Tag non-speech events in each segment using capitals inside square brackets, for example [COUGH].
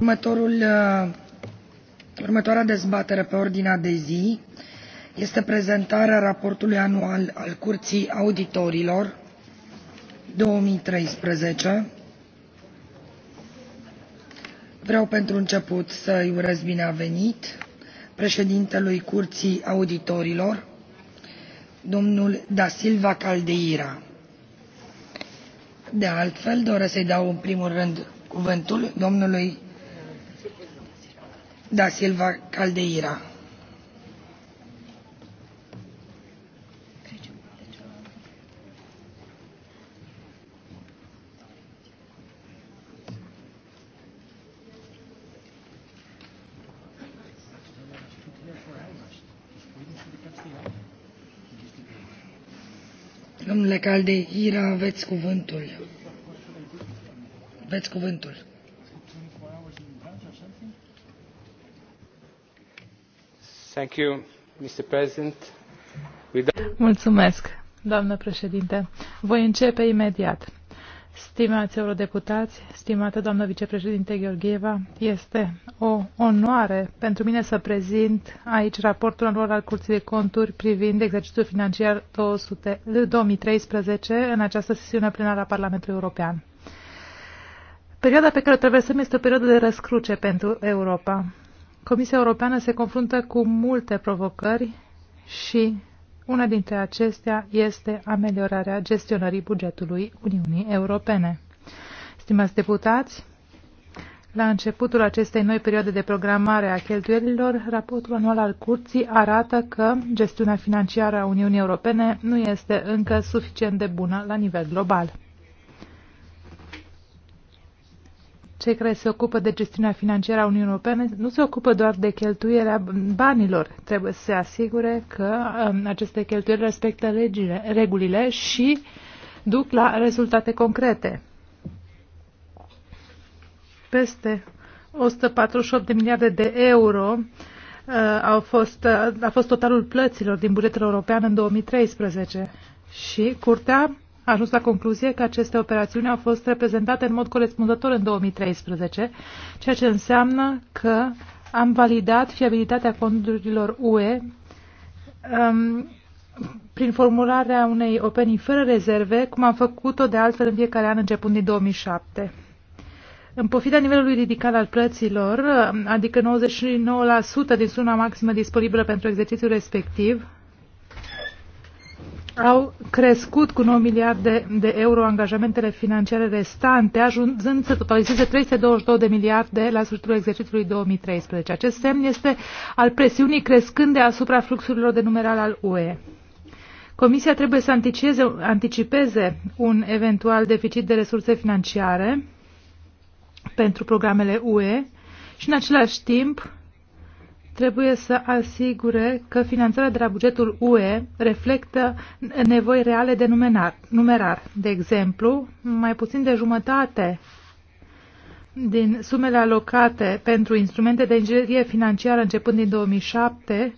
Uh, următoarea dezbatere pe ordinea de zi este prezentarea raportului anual al Curții Auditorilor 2013. Vreau pentru început să îi urez bine a venit președintelui Curții Auditorilor, domnul Da Silva Caldeira. De altfel, doresc să-i dau în primul rând cuvântul domnului da Silva Caldeira. Domnule Caldeira, aveți cuvântul. Aveți cuvântul. Thank you, Mr. President. Mulțumesc, doamnă președinte. Voi începe imediat. Stimați eurodeputați, stimată doamnă vicepreședinte Gheorgheva, este o onoare pentru mine să prezint aici raportul anual al Curții de Conturi privind exercițiul financiar 200, 2013 în această sesiune plenară a Parlamentului European. Perioada pe care o traversăm este o perioadă de răscruce pentru Europa. Comisia Europeană se confruntă cu multe provocări și una dintre acestea este ameliorarea gestionării bugetului Uniunii Europene. Stimați deputați, la începutul acestei noi perioade de programare a cheltuielilor, raportul anual al curții arată că gestiunea financiară a Uniunii Europene nu este încă suficient de bună la nivel global. cei care se ocupă de gestiunea financiară a Uniunii Europene nu se ocupă doar de cheltuirea banilor. Trebuie să se asigure că um, aceste cheltuieli respectă legile, regulile și duc la rezultate concrete. Peste 148 de miliarde de euro uh, au fost, uh, a fost totalul plăților din bugetul european în 2013 și Curtea a ajuns la concluzie că aceste operațiuni au fost reprezentate în mod corespunzător în 2013, ceea ce înseamnă că am validat fiabilitatea conturilor UE um, prin formularea unei opinii fără rezerve, cum am făcut-o de altfel în fiecare an începând din 2007. În pofida nivelului ridicat al plăților, adică 99% din suma maximă disponibilă pentru exercițiul respectiv, au crescut cu 9 miliarde de euro angajamentele financiare restante, ajungând să totalizeze 322 de miliarde la sfârșitul exercițiului 2013. Acest semn este al presiunii crescânde asupra fluxurilor de numeral al UE. Comisia trebuie să anticipeze, anticipeze un eventual deficit de resurse financiare pentru programele UE și în același timp trebuie să asigure că finanțarea de la bugetul UE reflectă nevoi reale de numenar, numerar. De exemplu, mai puțin de jumătate din sumele alocate pentru instrumente de inginerie financiară începând din 2007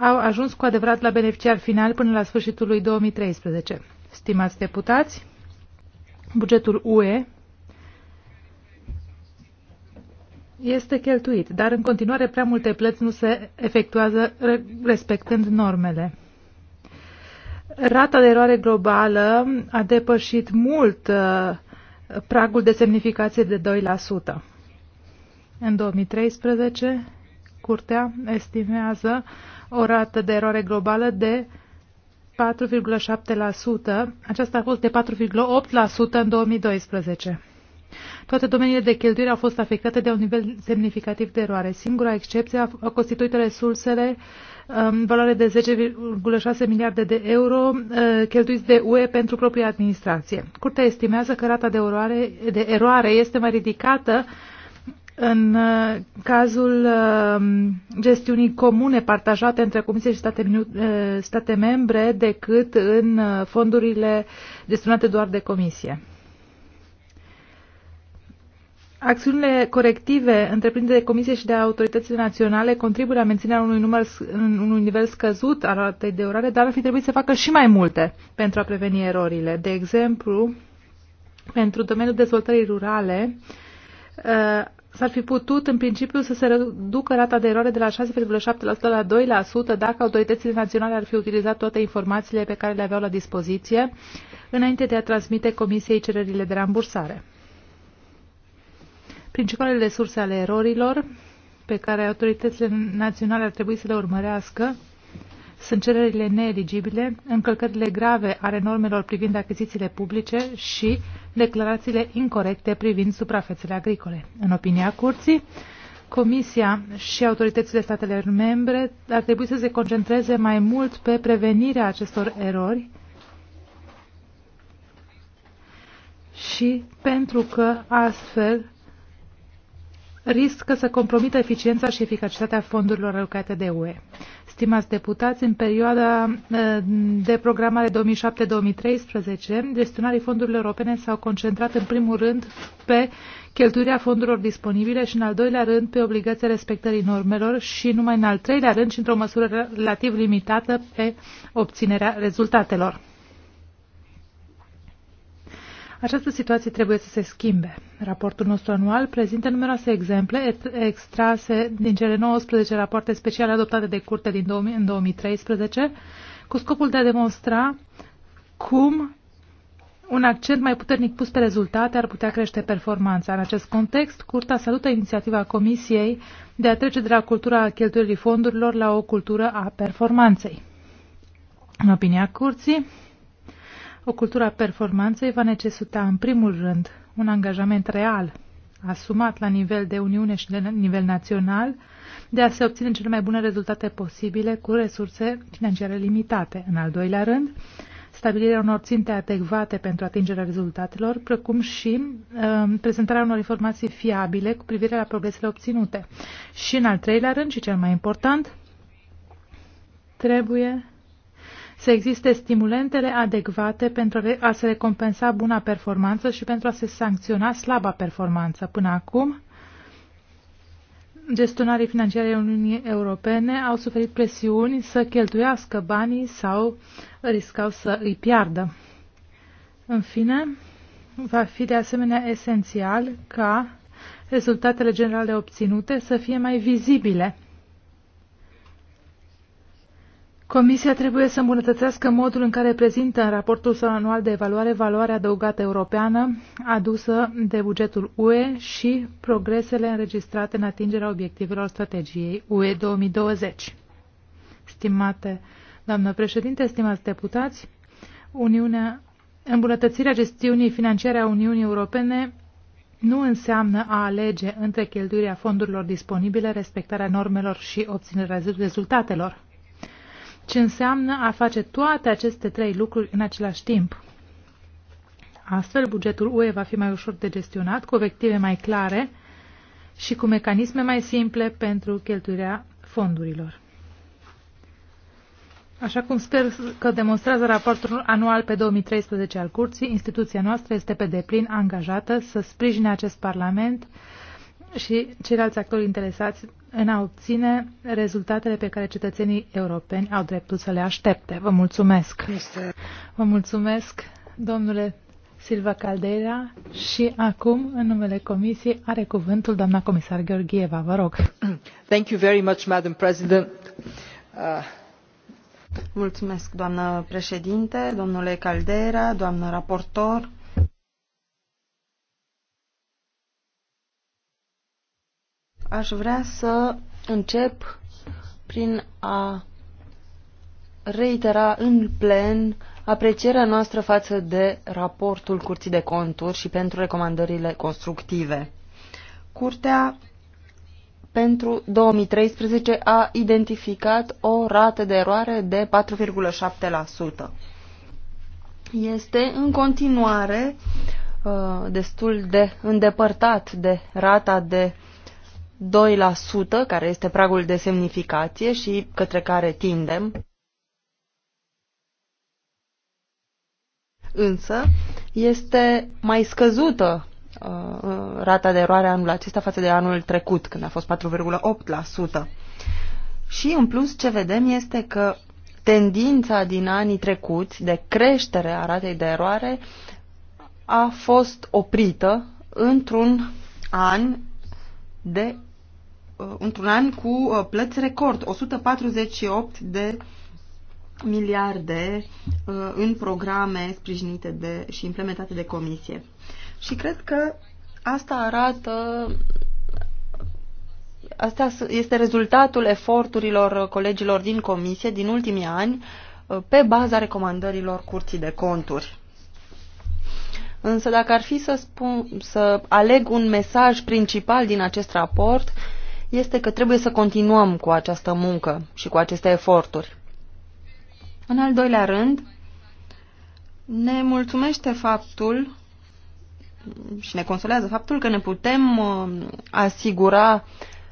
au ajuns cu adevărat la beneficiar final până la sfârșitul lui 2013. Stimați deputați, bugetul UE este cheltuit, dar în continuare prea multe plăți nu se efectuează respectând normele. Rata de eroare globală a depășit mult uh, pragul de semnificație de 2%. În 2013, Curtea estimează o rată de eroare globală de 4,7%. Aceasta a fost de 4,8% în 2012. Toate domeniile de cheltuire au fost afectate de un nivel semnificativ de eroare. Singura excepție a constituit resursele în um, valoare de 10,6 miliarde de euro uh, cheltuiți de UE pentru propria administrație. Curtea estimează că rata de eroare, de eroare este mai ridicată în uh, cazul um, gestiunii comune partajate între Comisie și state, uh, state membre decât în fondurile gestionate doar de Comisie. Acțiunile corective întreprinse de Comisie și de autoritățile naționale contribuie la menținerea unui, număr, unui nivel scăzut al ratei de orare, dar ar fi trebuit să facă și mai multe pentru a preveni erorile. De exemplu, pentru domeniul dezvoltării rurale, uh, s-ar fi putut în principiu să se reducă rata de eroare de la 6,7% la 2% dacă autoritățile naționale ar fi utilizat toate informațiile pe care le aveau la dispoziție înainte de a transmite Comisiei cererile de rambursare. Principalele surse ale erorilor pe care autoritățile naționale ar trebui să le urmărească sunt cererile neeligibile, încălcările grave ale normelor privind achizițiile publice și declarațiile incorrecte privind suprafețele agricole. În opinia curții, Comisia și autoritățile statelor membre ar trebui să se concentreze mai mult pe prevenirea acestor erori și pentru că astfel riscă să compromită eficiența și eficacitatea fondurilor alocate de UE. Stimați deputați, în perioada uh, de programare 2007-2013, gestionarii fondurilor europene s-au concentrat în primul rând pe cheltuirea fondurilor disponibile și în al doilea rând pe obligația respectării normelor și numai în al treilea rând și într-o măsură relativ limitată pe obținerea rezultatelor. Această situație trebuie să se schimbe. Raportul nostru anual prezintă numeroase exemple extrase din cele 19 rapoarte speciale adoptate de curte din 2000, în 2013 cu scopul de a demonstra cum un accent mai puternic pus pe rezultate ar putea crește performanța. În acest context, Curtea salută inițiativa Comisiei de a trece de la cultura cheltuielii fondurilor la o cultură a performanței. În opinia Curții, o cultură a performanței va necesita, în primul rând, un angajament real, asumat la nivel de Uniune și de nivel național, de a se obține cele mai bune rezultate posibile cu resurse financiare limitate. În al doilea rând, stabilirea unor ținte adecvate pentru atingerea rezultatelor, precum și uh, prezentarea unor informații fiabile cu privire la progresele obținute. Și în al treilea rând, și cel mai important, trebuie să existe stimulentele adecvate pentru a se recompensa buna performanță și pentru a se sancționa slaba performanță. Până acum, gestionarii financiare Uniunii Europene au suferit presiuni să cheltuiască banii sau riscau să îi piardă. În fine, va fi de asemenea esențial ca rezultatele generale obținute să fie mai vizibile Comisia trebuie să îmbunătățească modul în care prezintă în raportul său anual de evaluare valoarea adăugată europeană adusă de bugetul UE și progresele înregistrate în atingerea obiectivelor strategiei UE 2020. Stimate doamnă președinte, stimați deputați, Uniunea, îmbunătățirea gestiunii financiare a Uniunii Europene nu înseamnă a alege între cheltuirea fondurilor disponibile, respectarea normelor și obținerea rezultatelor ce înseamnă a face toate aceste trei lucruri în același timp. Astfel, bugetul UE va fi mai ușor de gestionat, cu obiective mai clare și cu mecanisme mai simple pentru cheltuirea fondurilor. Așa cum sper că demonstrează raportul anual pe 2013 al Curții, instituția noastră este pe deplin angajată să sprijine acest Parlament și ceilalți actori interesați în a obține rezultatele pe care cetățenii europeni au dreptul să le aștepte. Vă mulțumesc! Vă mulțumesc, domnule Silva Caldera și acum, în numele Comisiei, are cuvântul doamna comisar Gheorgheva. Vă rog. Thank you very much, Madam President. Uh... Mulțumesc, doamnă președinte, domnule Caldera, doamnă raportor, Aș vrea să încep prin a reitera în plen aprecierea noastră față de raportul Curții de Conturi și pentru recomandările constructive. Curtea pentru 2013 a identificat o rată de eroare de 4,7%. Este în continuare uh, destul de îndepărtat de rata de 2%, care este pragul de semnificație și către care tindem. Însă, este mai scăzută uh, uh rata de eroare anul acesta față de anul trecut, când a fost 4,8%. Și, în plus, ce vedem este că tendința din anii trecuți de creștere a ratei de eroare a fost oprită într-un an de Uh, într-un an cu uh, plăți record, 148 de miliarde uh, în programe sprijinite de, și implementate de comisie. Și cred că asta arată asta este rezultatul eforturilor colegilor din comisie din ultimii ani pe baza recomandărilor curții de conturi. Însă dacă ar fi să, spun, să aleg un mesaj principal din acest raport, uh, este că trebuie să continuăm cu această muncă și cu aceste eforturi. În al doilea rând, ne mulțumește faptul și ne consolează faptul că ne putem uh, asigura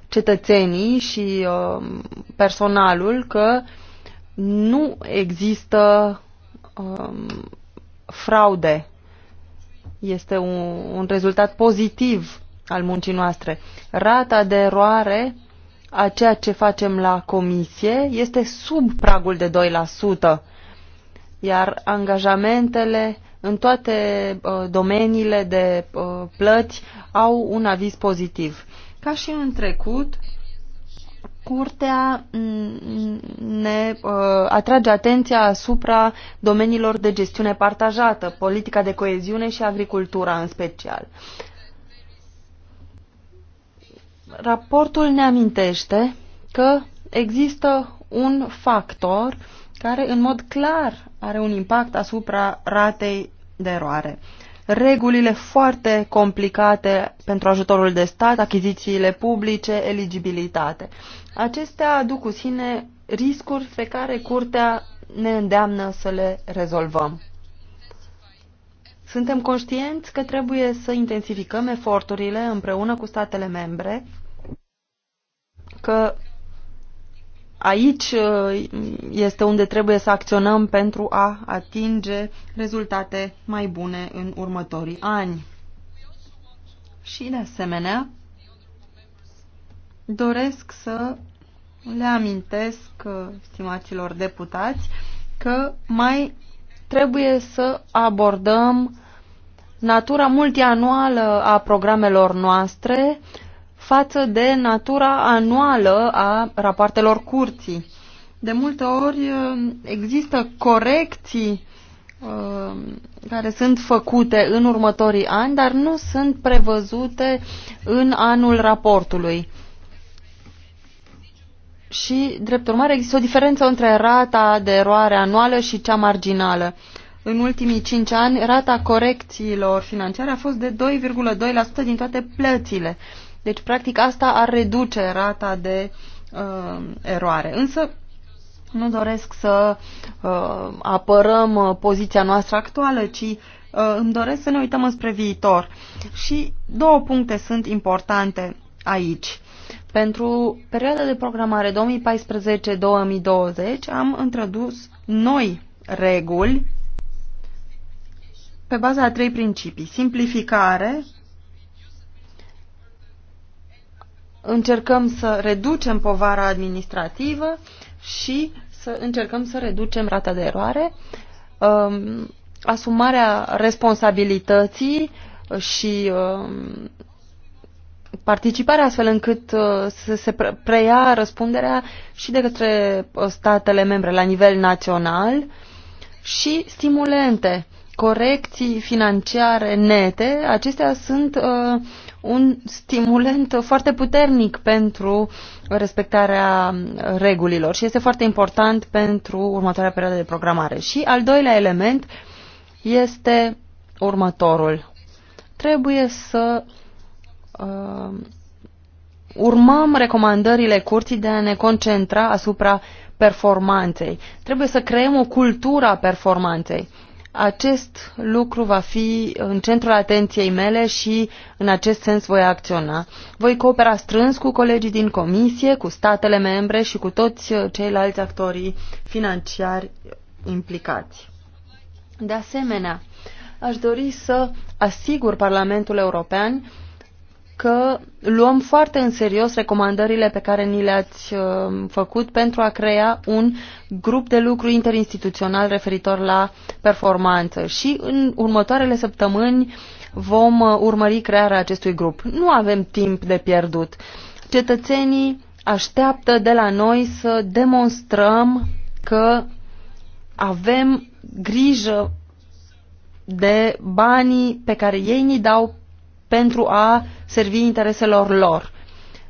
cetățenii și uh, personalul că nu există um, fraude. Este un, un rezultat pozitiv al muncii noastre. Rata de eroare a ceea ce facem la comisie este sub pragul de 2%, iar angajamentele în toate uh, domeniile de uh, plăți au un aviz pozitiv. Ca și în trecut, Curtea mm, ne uh, atrage atenția asupra domeniilor de gestiune partajată, politica de coeziune și agricultura în special. Raportul ne amintește că există un factor care în mod clar are un impact asupra ratei de eroare. Regulile foarte complicate pentru ajutorul de stat, achizițiile publice, eligibilitate. Acestea aduc cu sine riscuri pe care curtea ne îndeamnă să le rezolvăm. Suntem conștienți că trebuie să intensificăm eforturile împreună cu statele membre, că aici uh, este unde trebuie să acționăm pentru a atinge rezultate mai bune în următorii ani. Și, de asemenea, doresc să le amintesc, uh, stimaților deputați, că mai trebuie să abordăm natura multianuală a programelor noastre față de natura anuală a rapoartelor curții. De multe ori uh, există corecții uh, care sunt făcute în următorii ani, dar nu sunt prevăzute în anul raportului. Și, drept urmare, există o diferență între rata de eroare anuală și cea marginală. Uh, în ultimii cinci ani rata corecțiilor financiare a fost de 2,2% din toate plățile. Deci, practic, asta ar reduce rata de uh, eroare. Însă, nu doresc să uh, apărăm uh, poziția noastră actuală, ci uh, îmi doresc să ne uităm înspre viitor. Și două puncte sunt importante aici. Pentru perioada de programare 2014-2020 am introdus noi reguli pe baza a trei principii. Simplificare, încercăm să reducem povara administrativă și să încercăm să reducem rata de eroare, um, asumarea responsabilității și um, participarea astfel încât uh, să se preia răspunderea și de către uh, statele membre la nivel național și stimulente corecții financiare nete, acestea sunt uh, un stimulant foarte puternic pentru respectarea regulilor și este foarte important pentru următoarea perioadă de programare. Și al doilea element este următorul. Trebuie să uh, urmăm recomandările curții de a ne concentra asupra performanței. Trebuie să creăm o cultură a performanței. Acest lucru va fi în centrul atenției mele și în acest sens voi acționa. Voi coopera strâns cu colegii din comisie, cu statele membre și cu toți uh, ceilalți actorii financiari implicați. De asemenea, aș dori să asigur Parlamentul European că luăm foarte în serios recomandările pe care ni le-ați uh, făcut pentru a crea un grup de lucru interinstituțional referitor la performanță și în următoarele săptămâni vom uh, urmări crearea acestui grup. Nu avem timp de pierdut. Cetățenii așteaptă de la noi să demonstrăm că avem grijă de banii pe care ei ni dau pentru a servi intereselor lor.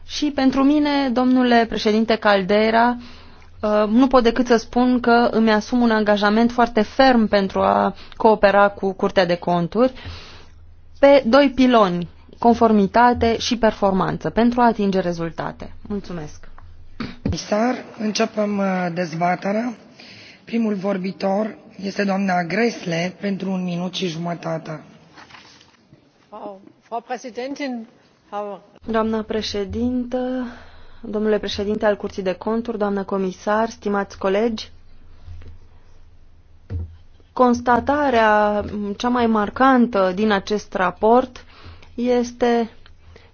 Și pentru mine, domnule președinte Caldera, uh, nu pot decât să spun că îmi asum un angajament foarte ferm pentru a coopera cu Curtea de Conturi pe doi piloni, conformitate și performanță, pentru a atinge rezultate. Mulțumesc! Comisar, începem uh, dezbaterea. Primul vorbitor este doamna Gresle pentru un minut și jumătate. Doamnă președintă, domnule președinte al Curții de Conturi, doamnă comisar, stimați colegi, constatarea cea mai marcantă din acest raport este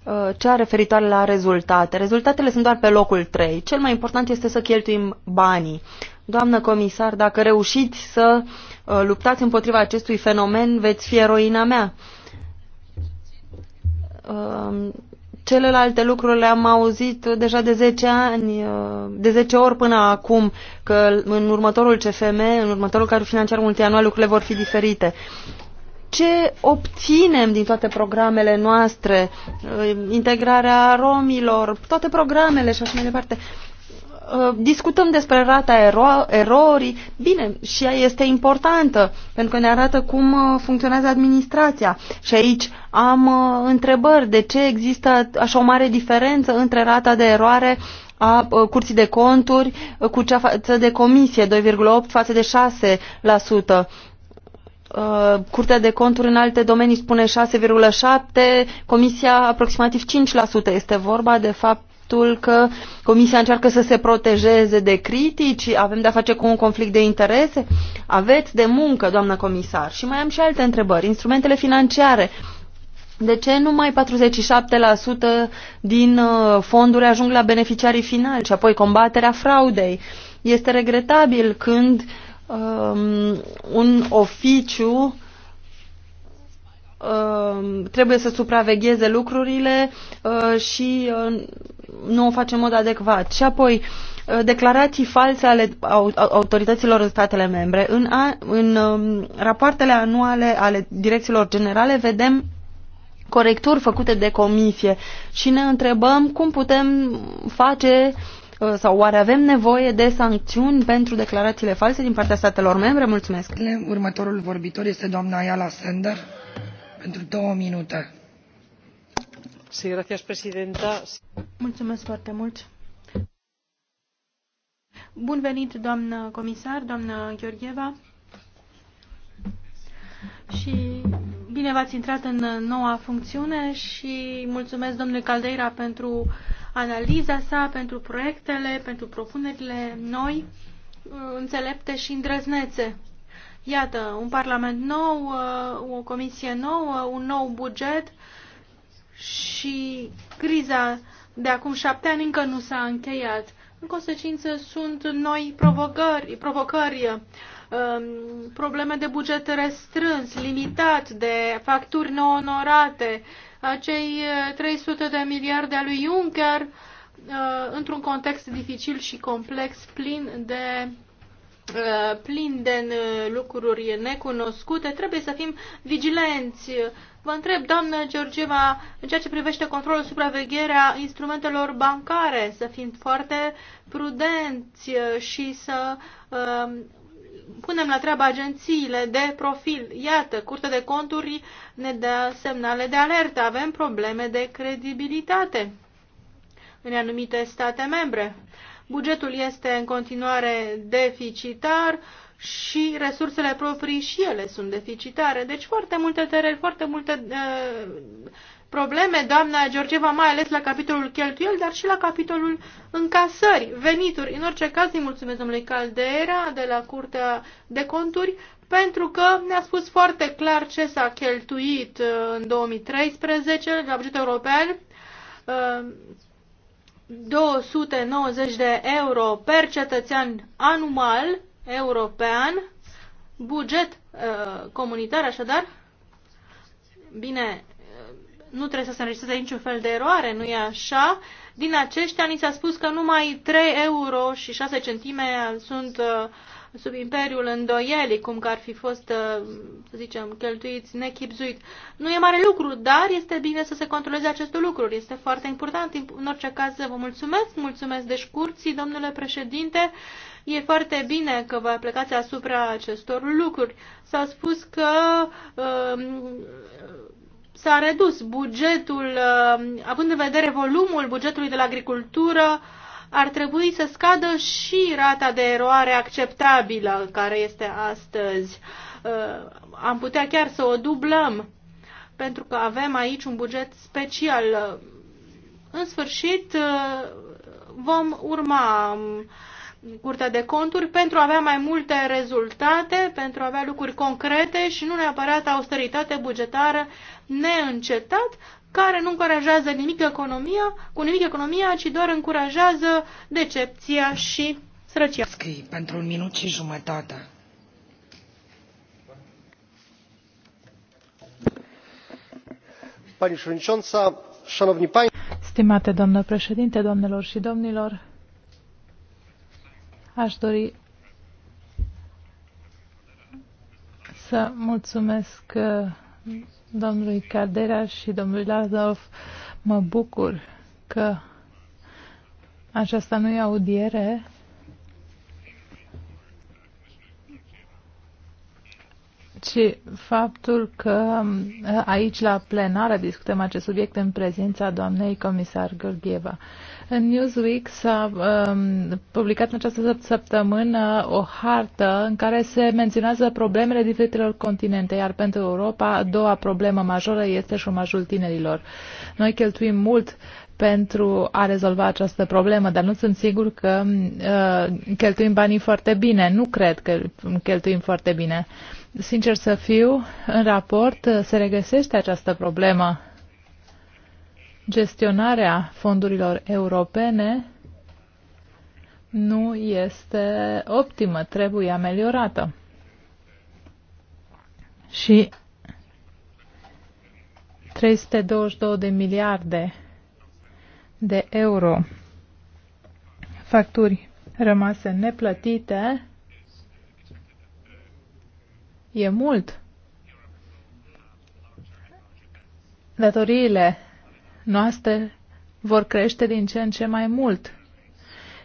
uh, cea referitoare la rezultate. Rezultatele sunt doar pe locul 3. Cel mai important este să cheltuim banii. Doamnă comisar, dacă reușiți să uh, luptați împotriva acestui fenomen, veți fi eroina mea. Um, celelalte lucruri le-am auzit deja de 10 ani, uh, de 10 ori până acum, că în următorul CFM, în următorul cadru financiar multianual, lucrurile vor fi diferite. Ce obținem din toate programele noastre, uh, integrarea romilor, toate programele și așa mai departe? Uh, discutăm despre rata ero- erorii. Bine, și ea este importantă, pentru că ne arată cum uh, funcționează administrația. Și aici am uh, întrebări de ce există așa o mare diferență între rata de eroare a curții de conturi cu cea față de comisie, 2,8 față de 6%. Curtea de conturi în alte domenii spune 6,7, comisia aproximativ 5%. Este vorba de fapt faptul că Comisia încearcă să se protejeze de critici, avem de-a face cu un conflict de interese? Aveți de muncă, doamnă comisar. Și mai am și alte întrebări. Instrumentele financiare. De ce numai 47% din uh, fonduri ajung la beneficiarii finali și apoi combaterea fraudei? Este regretabil când um, un oficiu Um, trebuie să supravegheze lucrurile uh, și uh, nu o face în mod adecvat. Și apoi uh, declarații false ale autorităților în statele membre. În, a, în um, rapoartele anuale ale direcțiilor generale vedem corecturi făcute de comisie și ne întrebăm cum putem face sau oare avem nevoie de sancțiuni pentru declarațiile false din partea statelor membre? Mulțumesc. Următorul vorbitor este doamna Ayala Sender doamnă președintă bun venit doamnă comisar doamnă georgieva și bine v-ați intrat în noua funcțiune și mulțumesc domnului Caldeira pentru analiza sa, pentru proiectele, pentru propunerile noi, înțelepte și îndrăznețe. Iată, un parlament nou, uh, o comisie nouă, un nou buget și criza de acum șapte ani încă nu s-a încheiat. În consecință sunt noi provocări, provocări um, probleme de buget restrâns, limitat, de facturi neonorate, acei 300 uh, de miliarde a lui Juncker, uh, într-un context dificil și complex, plin de Uh, plin de uh, lucruri necunoscute, trebuie să fim vigilenți. Vă întreb, doamnă Georgieva, în ceea ce privește controlul, supravegherea instrumentelor bancare, să fim foarte prudenți uh, și să uh, punem la treabă agențiile de profil. Iată, Curtea de Conturi ne dă semnale de alertă. Avem probleme de credibilitate în anumite state membre. Bugetul este în continuare deficitar și resursele proprii și ele sunt deficitare. Deci foarte multe tereri, foarte multe uh, probleme, doamna Georgeva, mai ales la capitolul cheltuieli, dar și la capitolul încasări, venituri. În orice caz, îi mulțumesc domnului Caldera de la Curtea de Conturi pentru că ne-a spus foarte clar ce s-a cheltuit uh, în 2013 la bugetul european uh, 290 de euro per cetățean anual european, buget uh, comunitar, așadar, bine, uh, nu trebuie să se înregistreze niciun fel de eroare, nu e așa? Din aceștia ni s-a spus că numai 3 euro și 6 centime sunt uh, sub imperiul îndoielii, cum că ar fi fost, uh, să zicem, cheltuiți nechipzuit. Nu e mare lucru, dar este bine să se controleze aceste lucruri. Este foarte important. În orice caz, vă mulțumesc. Mulțumesc, de curții, domnule președinte. E foarte bine că vă plecați asupra acestor lucruri. S-a spus că uh, s-a redus bugetul, uh, având în vedere volumul bugetului de la agricultură, ar trebui să scadă și rata de eroare acceptabilă care este astăzi. Uh, am putea chiar să o dublăm, pentru că avem aici un buget special. În sfârșit, uh, vom urma um, Curtea de Conturi pentru a avea mai multe rezultate, pentru a avea lucruri concrete și nu neapărat austeritate bugetară neîncetat, care nu încurajează nimic economia, cu nimic economia, ci doar încurajează decepția și sărăcia. Scrii pentru un minut și jumătate. Pani Șurincionța, șanovni pani... Stimate doamnă președinte, doamnelor și domnilor, aș dori să mulțumesc domnului Caldera și domnului Lazov Mă bucur că aceasta nu e audiere. ci faptul că um, aici la plenară discutăm acest subiect în prezența doamnei comisar Gheorgheva. În Newsweek s-a um, publicat în această săptămână o hartă în care se menționează problemele diferitelor continente, iar pentru Europa a doua problemă majoră este șomajul tinerilor. Noi cheltuim mult pentru a rezolva această problemă, dar nu sunt sigur că uh, cheltuim banii foarte bine. Nu cred că cheltuim foarte bine. Sincer să fiu, în raport uh, se regăsește această problemă gestionarea fondurilor europene nu este optimă, trebuie ameliorată. Și 322 de miliarde de euro facturi rămase neplătite e mult. Datoriile noastre vor crește din ce în ce mai mult.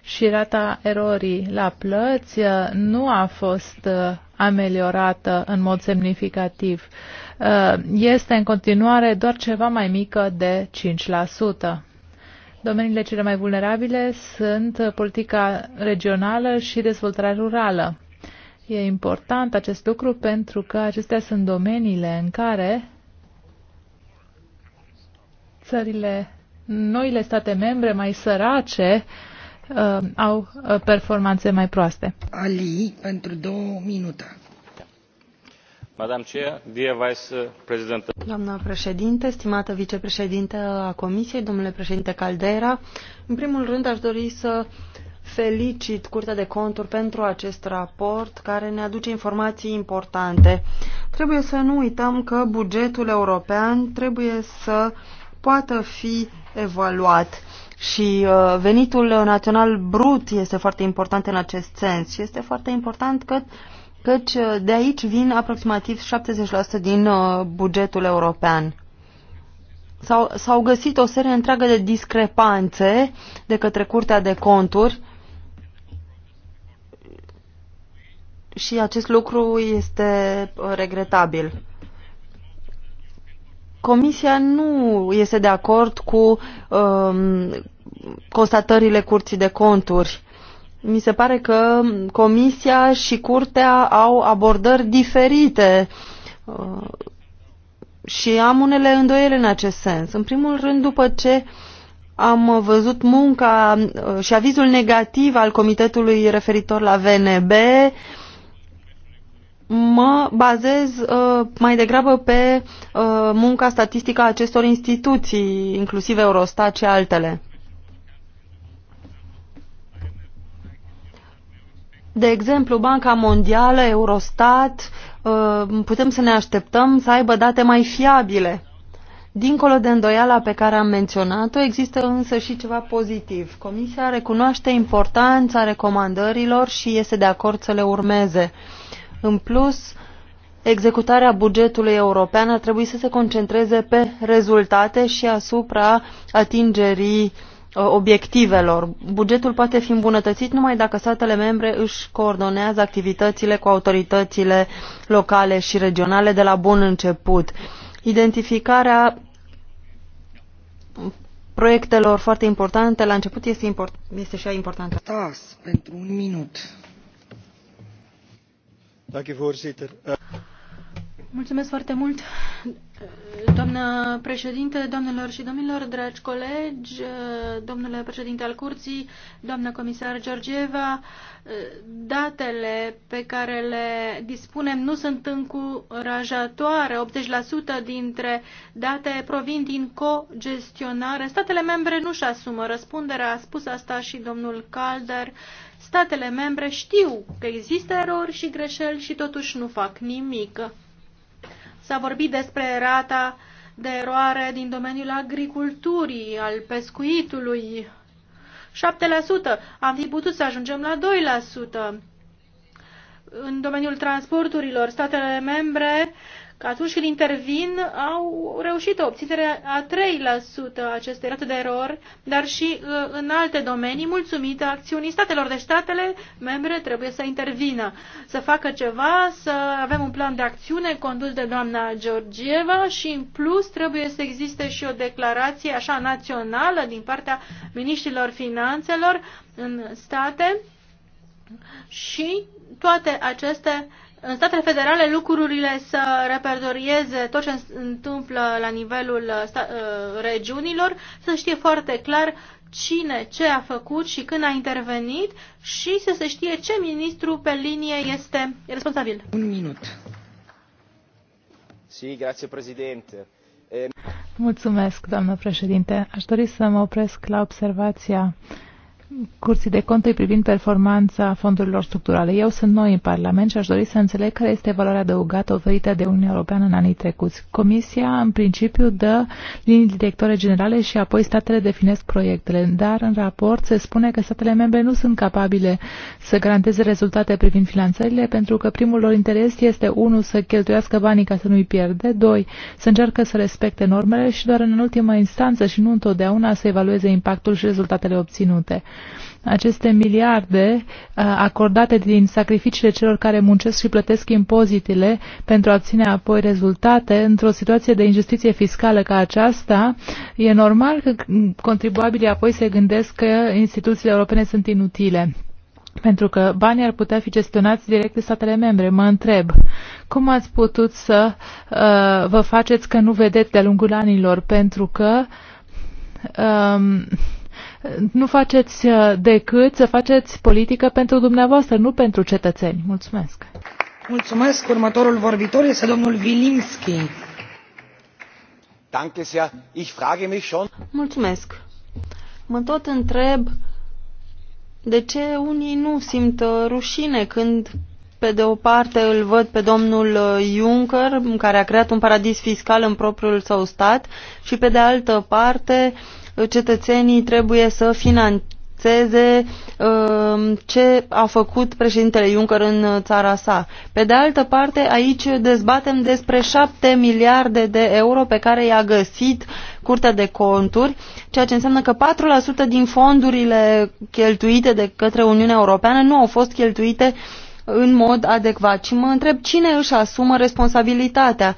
Și rata erorii la plăți uh, nu a fost uh, ameliorată în mod semnificativ. Uh, este în continuare doar ceva mai mică de 5%. Domeniile cele mai vulnerabile sunt politica regională și dezvoltarea rurală. E important acest lucru pentru că acestea sunt domeniile în care țările, noile state membre mai sărace uh, au uh, performanțe mai proaste. Ali, pentru două minute. Doamnă președinte, stimată vicepreședintă a Comisiei, domnule președinte Caldera, în primul rând aș dori să felicit Curtea de Conturi pentru acest raport care ne aduce informații importante. Trebuie să nu uităm că bugetul european trebuie să poată fi evaluat și uh, venitul național brut este foarte important în acest sens și este foarte important că căci uh, de aici vin aproximativ 70% din uh, bugetul european. S-au, găsit o serie întreagă de discrepanțe de către Curtea de Conturi și acest lucru este regretabil. Comisia nu este de acord cu um, constatările Curții de Conturi. Mi se pare că Comisia și Curtea au abordări diferite uh, și am unele îndoiele în acest sens. În primul rând, după ce am văzut munca uh, și avizul negativ al comitetului referitor la VNB, mă bazez uh, mai degrabă pe uh, munca statistică a acestor instituții, inclusiv Eurostat și altele. De exemplu, Banca Mondială, Eurostat, uh, putem să ne așteptăm să aibă date mai fiabile. Dincolo de îndoiala pe care am menționat-o, există însă și ceva pozitiv. Comisia recunoaște importanța recomandărilor și este de acord să le urmeze. Uh, în plus, executarea bugetului european ar trebui să se concentreze pe rezultate și asupra atingerii uh, obiectivelor. Bugetul poate fi îmbunătățit numai dacă statele membre își coordonează activitățile cu autoritățile locale și regionale de la bun început. Identificarea proiectelor foarte importante la început este, import este și ea importantă. Tas, pentru un minut. Eh, Mulțumesc foarte mult, doamnă președinte, doamnelor și domnilor, dragi colegi, eh, domnule președinte al curții, doamnă comisar Georgieva, eh, datele pe care le dispunem nu sunt încurajatoare. 80% dintre date provin din cogestionare. Statele membre nu-și asumă răspunderea, a spus asta și domnul Calder. Uh, statele membre știu că există erori și greșeli și totuși nu fac nimic. S-a vorbit despre rata de eroare din domeniul agriculturii, al pescuitului. 7%. Am fi putut să ajungem la 2%. În domeniul transporturilor, statele membre uh, că atunci când intervin au reușit obținerea a 3% acestei rate de erori, dar și uh, în alte domenii, mulțumită acțiunii statelor. Deci statele membre trebuie să intervină, să facă ceva, să avem un plan de acțiune condus de doamna Georgieva și în plus trebuie să existe și o declarație așa națională din partea ministrilor finanțelor în state și toate aceste uh, în statele federale lucrurile să repertorieze tot ce se întâmplă la nivelul uh, regiunilor, să știe foarte clar cine ce a făcut și când a intervenit și să se știe ce ministru pe linie este responsabil. Un minut. Si, grazie, președinte. Ehm, Mulțumesc, doamnă președinte. Aș dori să mă opresc la observația Curții de Conturi privind performanța fondurilor structurale. Eu sunt noi în Parlament și aș dori să înțeleg care este valoarea adăugată oferită de Uniunea Europeană în anii trecuți. Comisia, în principiu, dă linii directore generale și apoi statele definesc proiectele, dar în raport se spune că statele membre nu sunt capabile să garanteze rezultate privind finanțările pentru că primul lor interes este, unul, să cheltuiască banii ca să nu-i pierde, doi, să încearcă să respecte normele și doar în ultimă instanță și nu întotdeauna să evalueze impactul și rezultatele obținute. Aceste miliarde uh, acordate din sacrificiile celor care muncesc și plătesc impozitele pentru a obține apoi rezultate, într-o situație de injustiție fiscală ca aceasta, e normal că contribuabilii apoi se gândesc că instituțiile europene sunt inutile pentru că banii ar putea fi gestionați direct de statele membre. Mă întreb, cum ați putut să uh, vă faceți că nu vedeți de-a lungul anilor? Pentru că uh, nu faceți uh, decât să faceți politică pentru dumneavoastră, nu pentru cetățeni. Mulțumesc! Mulțumesc! Următorul vorbitor este domnul Vilimski. Mulțumesc! Mă tot întreb de ce unii nu simt uh, rușine când pe de o parte îl văd pe domnul uh, Juncker, care a creat un paradis fiscal în propriul său stat, și pe de altă parte cetățenii trebuie să financeze um, ce a făcut președintele Juncker în uh, țara sa. Pe de altă parte, aici dezbatem despre 7 miliarde de euro pe care i-a găsit Curtea de Conturi, ceea ce înseamnă că 4% din fondurile cheltuite de către Uniunea Europeană nu au fost cheltuite în mod adecvat. Și mă întreb cine își asumă responsabilitatea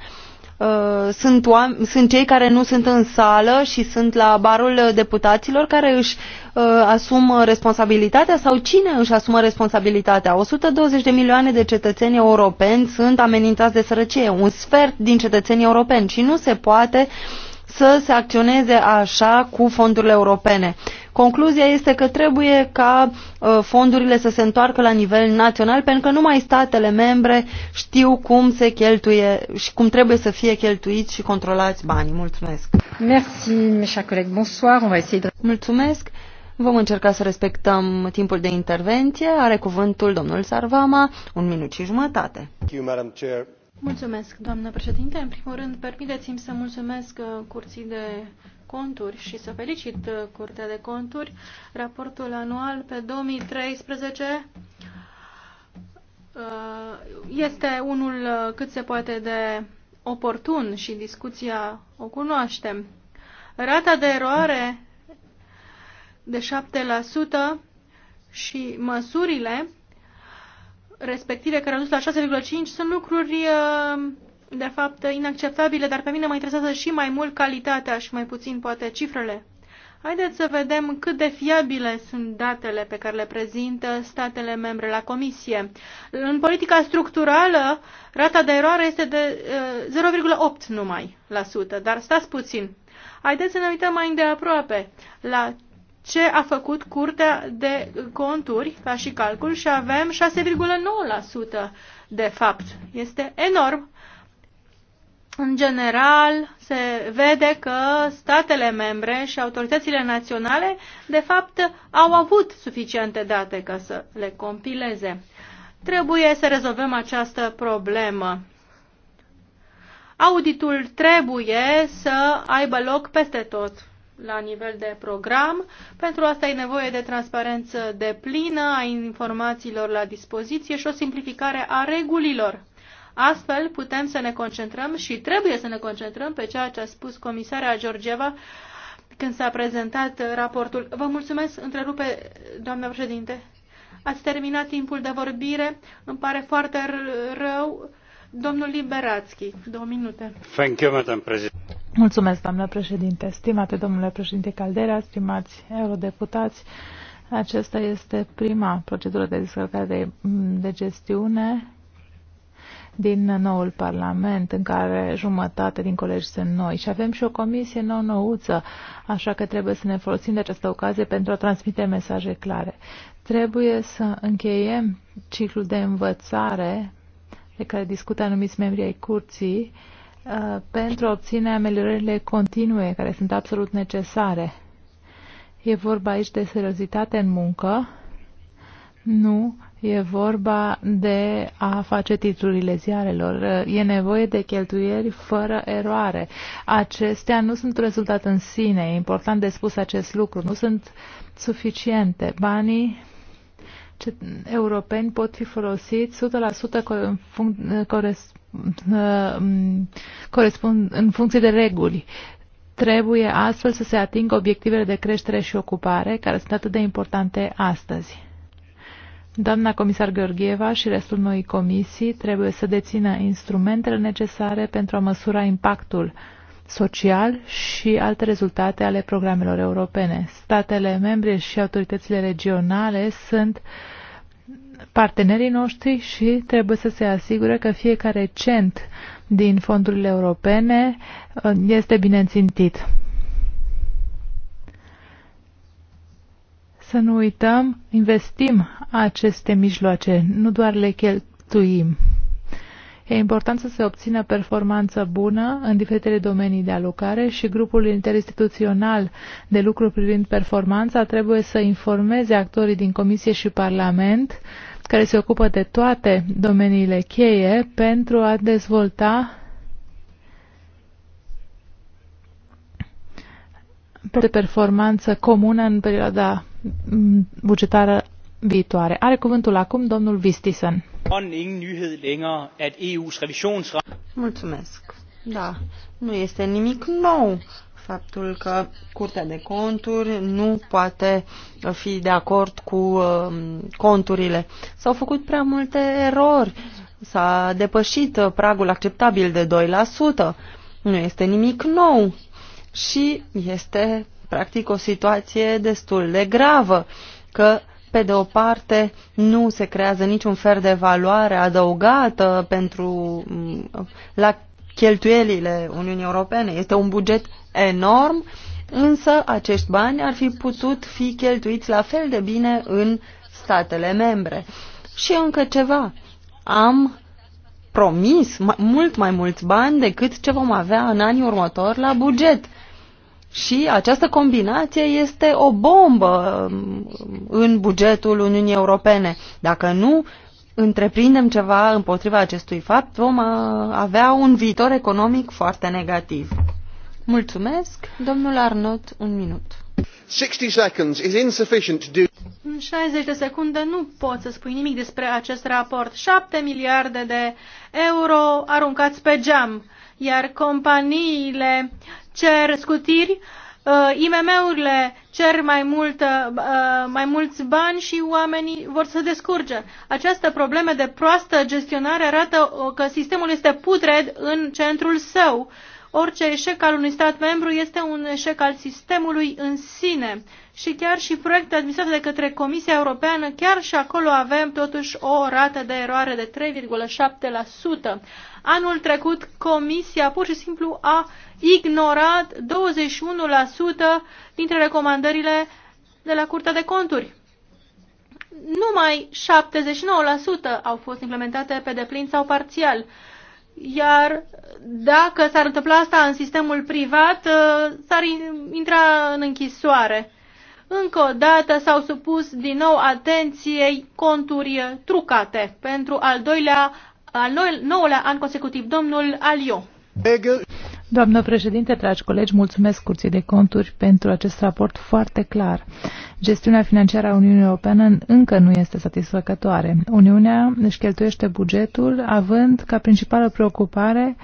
Uh, sunt, sunt cei care nu sunt în sală și sunt la barul deputaților care își uh, asumă responsabilitatea sau cine își asumă responsabilitatea? 120 de milioane de cetățeni europeni sunt amenințați de sărăcie, un sfert din cetățenii europeni și nu se poate uh, să se acționeze așa cu fondurile europene. Concluzia este că trebuie ca uh, fondurile să se întoarcă la nivel național, pentru că numai statele membre știu cum se cheltuie și cum trebuie să fie cheltuiți și controlați banii. Mulțumesc! Merci, mes Bonsoir. On va essayer de... Mulțumesc! Vom încerca să respectăm timpul de intervenție. Are cuvântul domnul Sarvama, un minut și jumătate. Thank you, Madam Chair. Mulțumesc, doamnă președinte. În primul rând, permiteți-mi să mulțumesc uh, Curții de Conturi și să felicit uh, Curtea de Conturi. Raportul anual pe 2013 uh, este unul cât se poate de oportun și discuția o cunoaștem. Rata de eroare de 7% și măsurile respective care au dus la 6,5 sunt lucruri uh, de fapt inacceptabile, dar pe mine mă interesează și mai mult calitatea și mai puțin poate cifrele. Haideți să vedem cât de fiabile sunt datele pe care le prezintă statele membre la Comisie. În politica structurală, rata de eroare este de 0,8 uh, numai la sută, dar stați puțin. Haideți să ne uităm mai îndeaproape la ce a făcut Curtea de Conturi ca și calcul și avem 6,9% de fapt. Este enorm. În general, se vede că statele membre și autoritățile naționale, de fapt, au avut suficiente date ca să le compileze. Trebuie să rezolvăm această problemă. Auditul trebuie să aibă loc peste tot la nivel de program. Pentru asta e nevoie de transparență de plină a informațiilor la dispoziție și o simplificare a regulilor. Astfel putem să ne concentrăm și trebuie să ne concentrăm pe ceea ce a spus comisarea Georgieva când s-a prezentat raportul. Vă mulțumesc, întrerupe, doamna președinte. Ați terminat timpul de vorbire. Îmi pare foarte rău. Domnul Liberațchi, două minute. Thank you, madam president. Mulțumesc, doamnă președinte. Stimate domnule președinte Caldera, stimați eurodeputați, Aceasta este prima procedură de descărcare de, de gestiune din noul Parlament, în care jumătate din colegi sunt noi și avem și o comisie nou-nouță, așa că trebuie să ne folosim de această ocazie pentru a transmite mesaje clare. Trebuie să încheiem ciclul de învățare de care discută anumiți membri ai curții, uh, Uh, pentru a obține ameliorările continue care sunt absolut necesare. E vorba aici de seriozitate în muncă, nu e vorba de a face titlurile ziarelor. Uh, e nevoie de cheltuieri fără eroare. Acestea nu sunt rezultat în sine, e important de spus acest lucru, nu sunt suficiente. Banii europeni pot fi folosiți 100% mm, corespund în funcție de reguli. Trebuie astfel să se atingă obiectivele de creștere și ocupare, care sunt atât de importante astăzi. Doamna comisar Gheorgheva și restul noii comisii trebuie să dețină instrumentele necesare pentru a măsura impactul uh, social și alte rezultate ale programelor europene. Statele membre și autoritățile regionale sunt partenerii noștri și trebuie să se asigure că fiecare cent din fondurile europene uh, este bine țintit. Să nu uităm, investim aceste mijloace, nu doar le cheltuim. E important să se obțină performanță bună în diferitele domenii de alocare și grupul interinstituțional de lucru privind performanța trebuie să informeze actorii din Comisie și Parlament care se ocupă de toate domeniile cheie pentru a dezvolta de performanță comună în perioada bugetară viitoare. Are cuvântul acum domnul Vistisen. Mulțumesc. Da, nu este nimic nou faptul că Curtea de Conturi nu poate fi de acord cu um, conturile. S-au făcut prea multe erori, s-a depășit pragul acceptabil de 2%. Nu este nimic nou și este practic o situație destul de gravă că pe de o parte, nu se creează niciun fel de valoare adăugată pentru mm, la cheltuielile Uniunii Europene. Este un buget enorm, însă acești bani ar fi putut fi cheltuiți la fel de bine în statele membre. Și încă ceva, am promis mult mai mulți bani decât ce vom avea în anii următori la buget. Și această combinație este o bombă um, în bugetul Uniunii Europene. Dacă nu întreprindem ceva împotriva acestui fapt, vom uh, avea un viitor economic foarte negativ. Mulțumesc. Domnul Arnot, un minut. 60 60 de secunde nu pot să spui nimic despre acest raport. 7 miliarde de euro aruncați pe geam iar companiile cer scutiri, uh, IMM-urile cer mai, mult, uh, mai mulți bani și oamenii vor să descurge. Această problemă de proastă gestionare arată uh, că sistemul este putred în centrul său. Orice eșec al unui stat membru este un eșec al sistemului în sine. Și chiar și proiecte administrate de către Comisia Europeană, chiar și acolo avem totuși o rată de eroare de 3,7%. Anul trecut, Comisia pur și simplu a ignorat 21% dintre recomandările de la Curtea de Conturi. Numai 79% au fost implementate pe deplin sau parțial. Iar dacă s-ar întâmpla asta în sistemul privat, uh, s-ar intra în închisoare. Încă o dată s-au supus din nou atenției conturi trucate pentru al doilea al nouălea an consecutiv. Domnul Alio. Doamnă președinte, dragi colegi, mulțumesc Curții de Conturi pentru acest raport foarte clar. Gestiunea financiară a Uniunii Europene încă nu este satisfăcătoare. Uniunea își cheltuiește bugetul având ca principală preocupare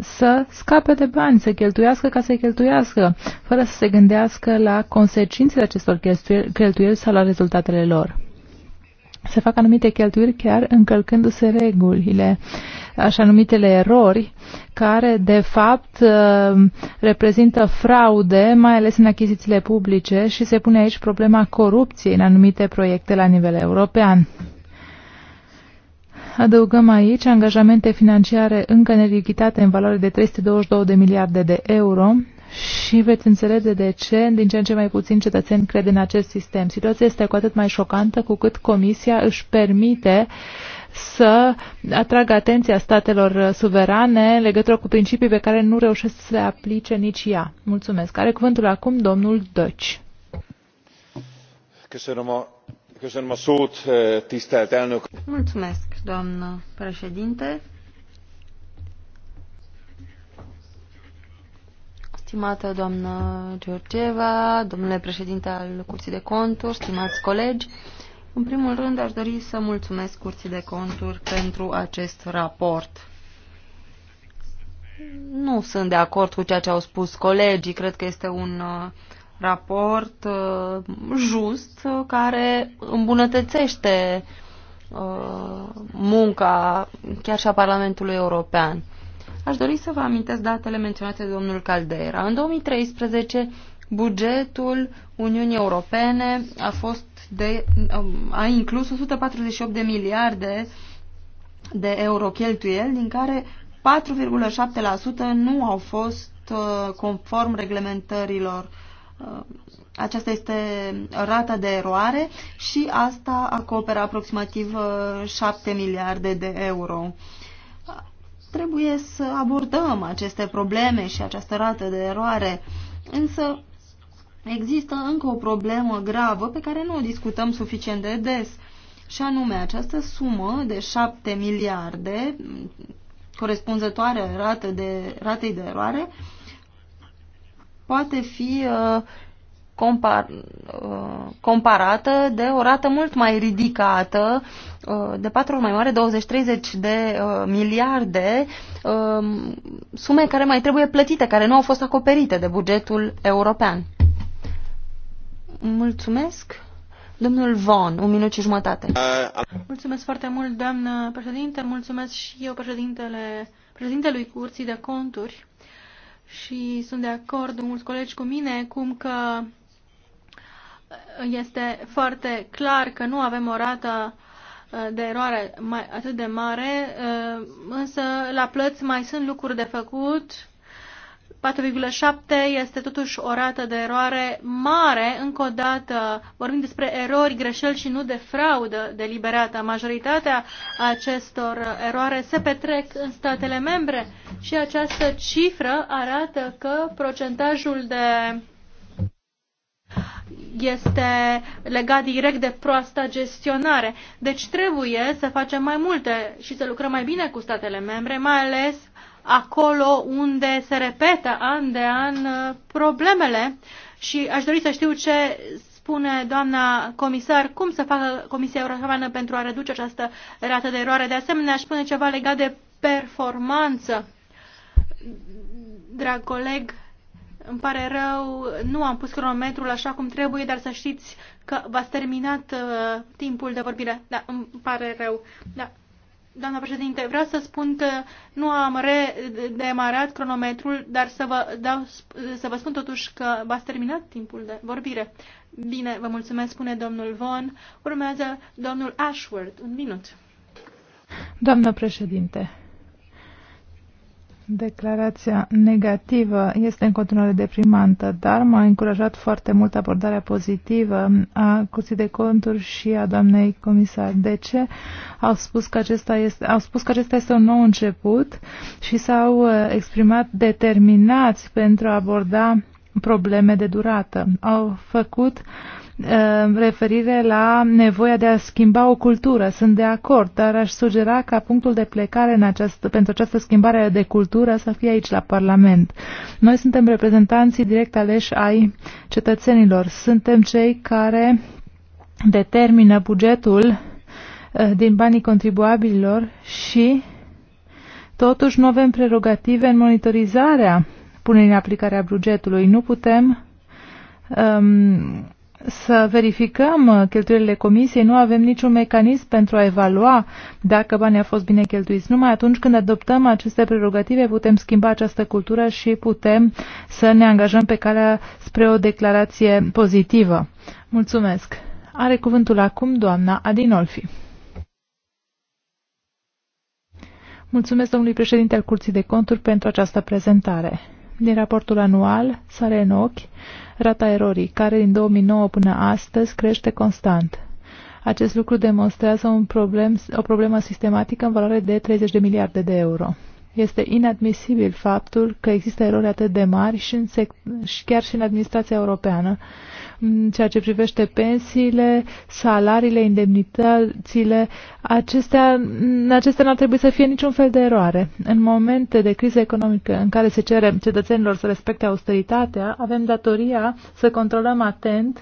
să scape de bani, să cheltuiască ca să cheltuiască, fără să se gândească la consecințele acestor cheltuieli sau la rezultatele lor se fac anumite cheltuiri chiar încălcându-se regulile, așa numitele erori, care de fapt uh, reprezintă fraude, mai ales în achizițiile publice și se pune aici problema corupției în anumite proiecte la nivel european. Adăugăm aici angajamente financiare încă nerichitate în valoare de 322 de miliarde de euro, și veți înțelege de ce din ce în ce mai puțin cetățeni cred în acest sistem. Situația este cu atât mai șocantă cu cât Comisia își permite să atragă atenția statelor suverane legătură cu principii pe care nu reușesc să le aplice nici ea. Mulțumesc. Are cuvântul acum domnul Dăci. Mulțumesc, doamnă președinte Stimată doamnă Georgieva, domnule președinte al Curții de Conturi, stimați colegi, în primul rând aș dori să mulțumesc Curții de Conturi pentru acest raport. Nu sunt de acord cu ceea ce au spus colegii, cred că este un uh, raport uh, just uh, care îmbunătățește munca chiar și a Parlamentului European. Aș dori să vă amintesc datele menționate de domnul Caldera. În 2013, bugetul Uniunii Europene a fost de, um, a inclus 148 de miliarde de euro cheltuieli, din care 4,7% nu au fost uh, conform reglementărilor. Uh, aceasta este rata de eroare și asta acoperă aproximativ 7 uh, miliarde de euro. Trebuie să abordăm aceste probleme și această rată de eroare, însă există încă o problemă gravă pe care nu o discutăm suficient de des, și anume această sumă de 7 miliarde corespunzătoare rate de, ratei de eroare poate fi uh, compar, comparată de o rată mult mai ridicată, uh, de patru ori mai mare, 20-30 de uh, miliarde, um, sume care mai trebuie plătite, care nu au fost acoperite de bugetul european. Mulțumesc. Domnul Von, un minut și jumătate. Mulțumesc foarte mult, doamnă președinte. Mulțumesc și eu președintele, președintelui Curții de Conturi și sunt de acord mulți colegi cu mine cum că este foarte clar că nu avem o rată uh, de eroare mai, atât de mare, uh, însă la plăți mai sunt lucruri de făcut. 4,7 este totuși o rată de eroare mare. Încă o dată vorbim despre erori, greșeli și nu de fraudă deliberată. Majoritatea acestor eroare se petrec în statele membre și această cifră arată că procentajul de este legat direct de proasta gestionare. Deci trebuie să facem mai multe și să lucrăm mai bine cu statele membre, mai ales acolo unde se repetă an de an uh, problemele. Și aș dori să știu ce spune doamna comisar cum să facă Comisia Europeană pentru a reduce această rată de eroare. De asemenea, aș spune ceva legat de performanță. Drag coleg, îmi pare rău, nu am pus cronometrul așa cum trebuie, dar să știți că v-ați terminat uh, timpul de vorbire. Da, îmi pare rău. Da. Doamna președinte, vreau să spun că nu am redemarat cronometrul, dar să vă, dau, să vă spun totuși că v-ați terminat timpul de vorbire. Bine, vă mulțumesc, spune domnul Von. Urmează domnul Ashworth. Un minut. Doamna președinte, Declarația negativă este în continuare deprimantă, dar m-a încurajat foarte mult abordarea pozitivă a Curții de Conturi și a doamnei comisar. De ce? Au spus că acesta este, au spus că acesta este un nou început și s-au uh, exprimat determinați pentru a aborda probleme de durată. Au făcut uh, referire la nevoia de a schimba o cultură. Sunt de acord, dar aș sugera ca punctul de plecare în această, pentru această schimbare de cultură să fie aici, la Parlament. Noi suntem reprezentanții direct aleși ai cetățenilor. Suntem cei care determină bugetul uh, din banii contribuabililor și totuși nu avem prerogative în monitorizarea pune în aplicare a bugetului. Nu putem um, să verificăm cheltuielile comisiei, nu avem niciun mecanism pentru a evalua dacă banii au fost bine cheltuiți. Numai atunci când adoptăm aceste prerogative putem schimba această cultură și putem să ne angajăm pe calea spre o declarație pozitivă. Mulțumesc. Are cuvântul acum doamna Adinolfi. Mulțumesc domnului președinte al Curții de Conturi pentru această prezentare din raportul anual sare în ochi rata erorii, care din 2009 până astăzi crește constant. Acest lucru demonstrează un problem, o problemă sistematică în valoare de 30 de miliarde de euro. Este inadmisibil faptul că există erori atât de mari și, în sec- și chiar și în administrația europeană în ceea ce privește pensiile, salariile, indemnitățile, acestea, acestea n-ar trebui să fie niciun fel de eroare. În momente de criză economică în care se cere cetățenilor să respecte austeritatea, avem datoria să controlăm atent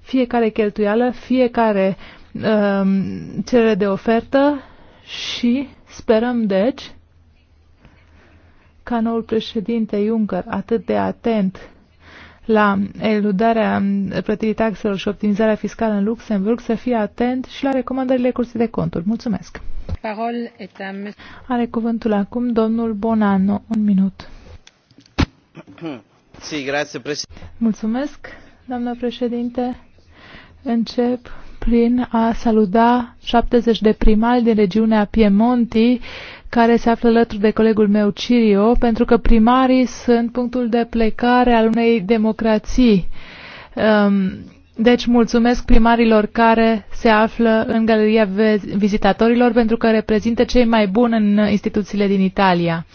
fiecare cheltuială, fiecare um, cerere de ofertă și sperăm, deci, ca noul președinte Juncker, atât de atent la eludarea plătirii taxelor și optimizarea fiscală în Luxemburg să fie atent și la recomandările Curții de Conturi. Mulțumesc! Are cuvântul acum domnul Bonanno. Un minut. [CLEARS THROAT] Mulțumesc, doamnă președinte. Încep prin a saluda 70 de primari din regiunea Piemonti care se află alături de colegul meu Cirio, pentru că primarii sunt punctul de plecare al unei democrații. Um, deci mulțumesc primarilor care se află în galeria vizitatorilor pentru că reprezintă cei mai buni în instituțiile din Italia.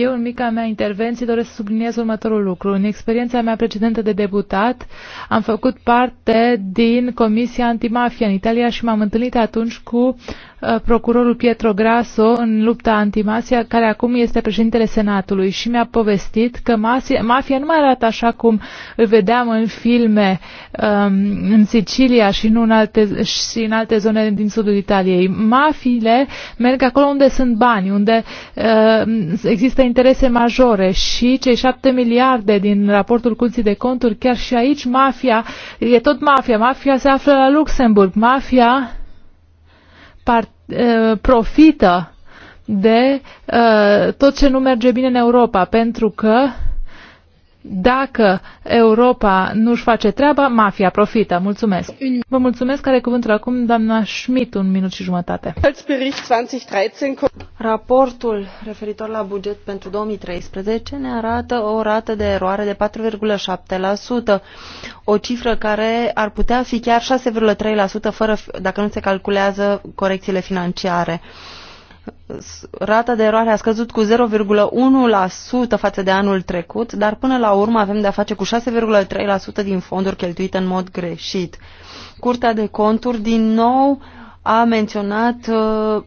Eu, în mica mea intervenție, doresc să subliniez următorul lucru. În experiența mea precedentă de debutat, am făcut parte din Comisia Antimafia în Italia și m-am întâlnit atunci cu uh, procurorul Pietro Grasso în lupta antimafia, care acum este președintele Senatului și mi-a povestit că mafia nu mai arată așa cum îl vedeam în filme um, în Sicilia și, nu în alte, și în alte zone din sudul Italiei. Mafiile merg acolo unde sunt bani, unde uh, există interese majore și cei șapte miliarde din raportul Curții de Conturi, chiar și aici mafia, e tot mafia, mafia se află la Luxemburg, mafia part, profită de uh, tot ce nu merge bine în Europa, pentru că uh, dacă Europa nu își face treaba, mafia profită. Mulțumesc. Vă mulțumesc. Care cuvântul acum, doamna Schmidt, un minut și jumătate. Raportul referitor la buget pentru 2013 ne arată o rată de eroare de 4,7%, o cifră care ar putea fi chiar 6,3% fără, dacă nu se calculează corecțiile financiare. Uh, rata de eroare a scăzut cu 0,1% față de anul trecut, dar până la urmă avem de-a face cu 6,3% din fonduri cheltuite în mod greșit. Curtea de conturi din nou a menționat uh,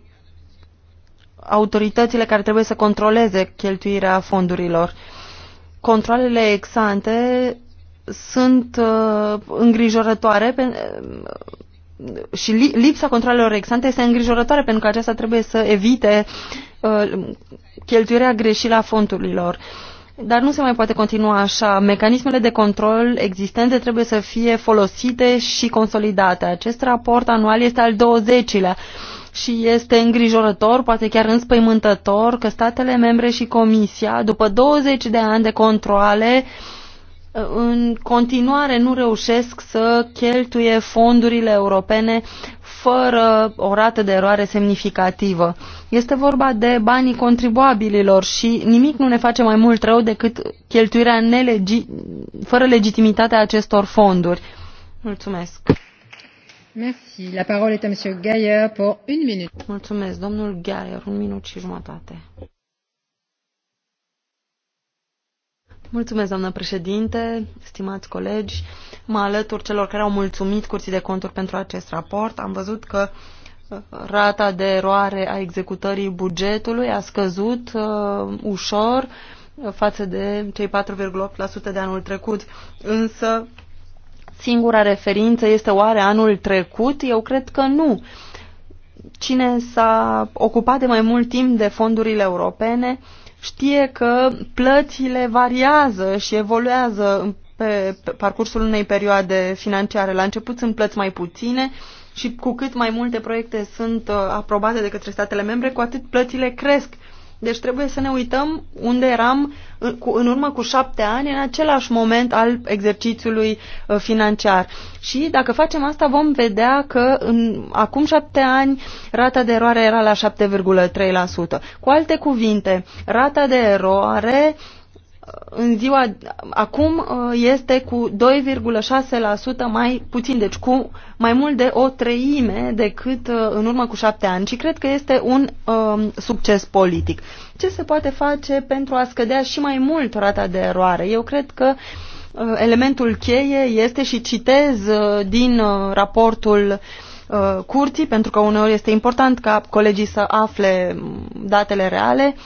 autoritățile care trebuie să controleze cheltuirea fondurilor. Controlele exante sunt uh, îngrijorătoare pe, uh, și lipsa controlelor exante este îngrijorătoare pentru că aceasta trebuie să evite uh, cheltuirea greșilă a fondurilor. Dar nu se mai poate continua așa. Mecanismele de control existente trebuie să fie folosite și consolidate. Acest raport anual este al 20-lea și este îngrijorător, poate chiar înspăimântător, că statele membre și Comisia, după 20 de ani de controle, uh, în continuare nu reușesc să cheltuie fondurile europene fără o rată de eroare semnificativă. Este vorba de banii contribuabililor și nimic nu ne face mai mult rău decât cheltuirea nelegi fără legitimitatea acestor fonduri. Mulțumesc. Merci. La parole est à monsieur Gaillard pour une minute. Mulțumesc, domnul Gaillard, un minut și jumătate. Mulțumesc, doamnă președinte, stimați colegi. Mă alătur celor care au mulțumit Curții de Conturi pentru acest raport. Am văzut că uh, rata de eroare a executării bugetului a scăzut uh, ușor uh, față de cei 4,8% de anul trecut. Însă, singura referință este oare anul trecut? Eu cred că nu. Cine s-a ocupat de mai mult timp de fondurile europene uh, știe că plățile variază și evoluează pe parcursul unei perioade financiare. La început sunt plăți mai puține și cu cât mai multe proiecte sunt uh, aprobate de către statele membre, cu atât plățile cresc deci trebuie să ne uităm unde eram în urmă cu șapte ani, în același moment al exercițiului uh, financiar. Și dacă facem asta, vom vedea că în, acum șapte ani rata de eroare era la 7,3%. Cu alte cuvinte, rata de eroare în ziua acum uh, este cu 2,6% mai puțin, deci cu mai mult de o treime decât uh, în urmă cu șapte ani și cred că este un um, succes politic. Ce se poate face pentru a scădea și mai mult rata de eroare? Eu cred că uh, elementul cheie este și citez uh, din uh, raportul uh, curții, pentru că uneori este important ca colegii să afle mm, datele reale, uh,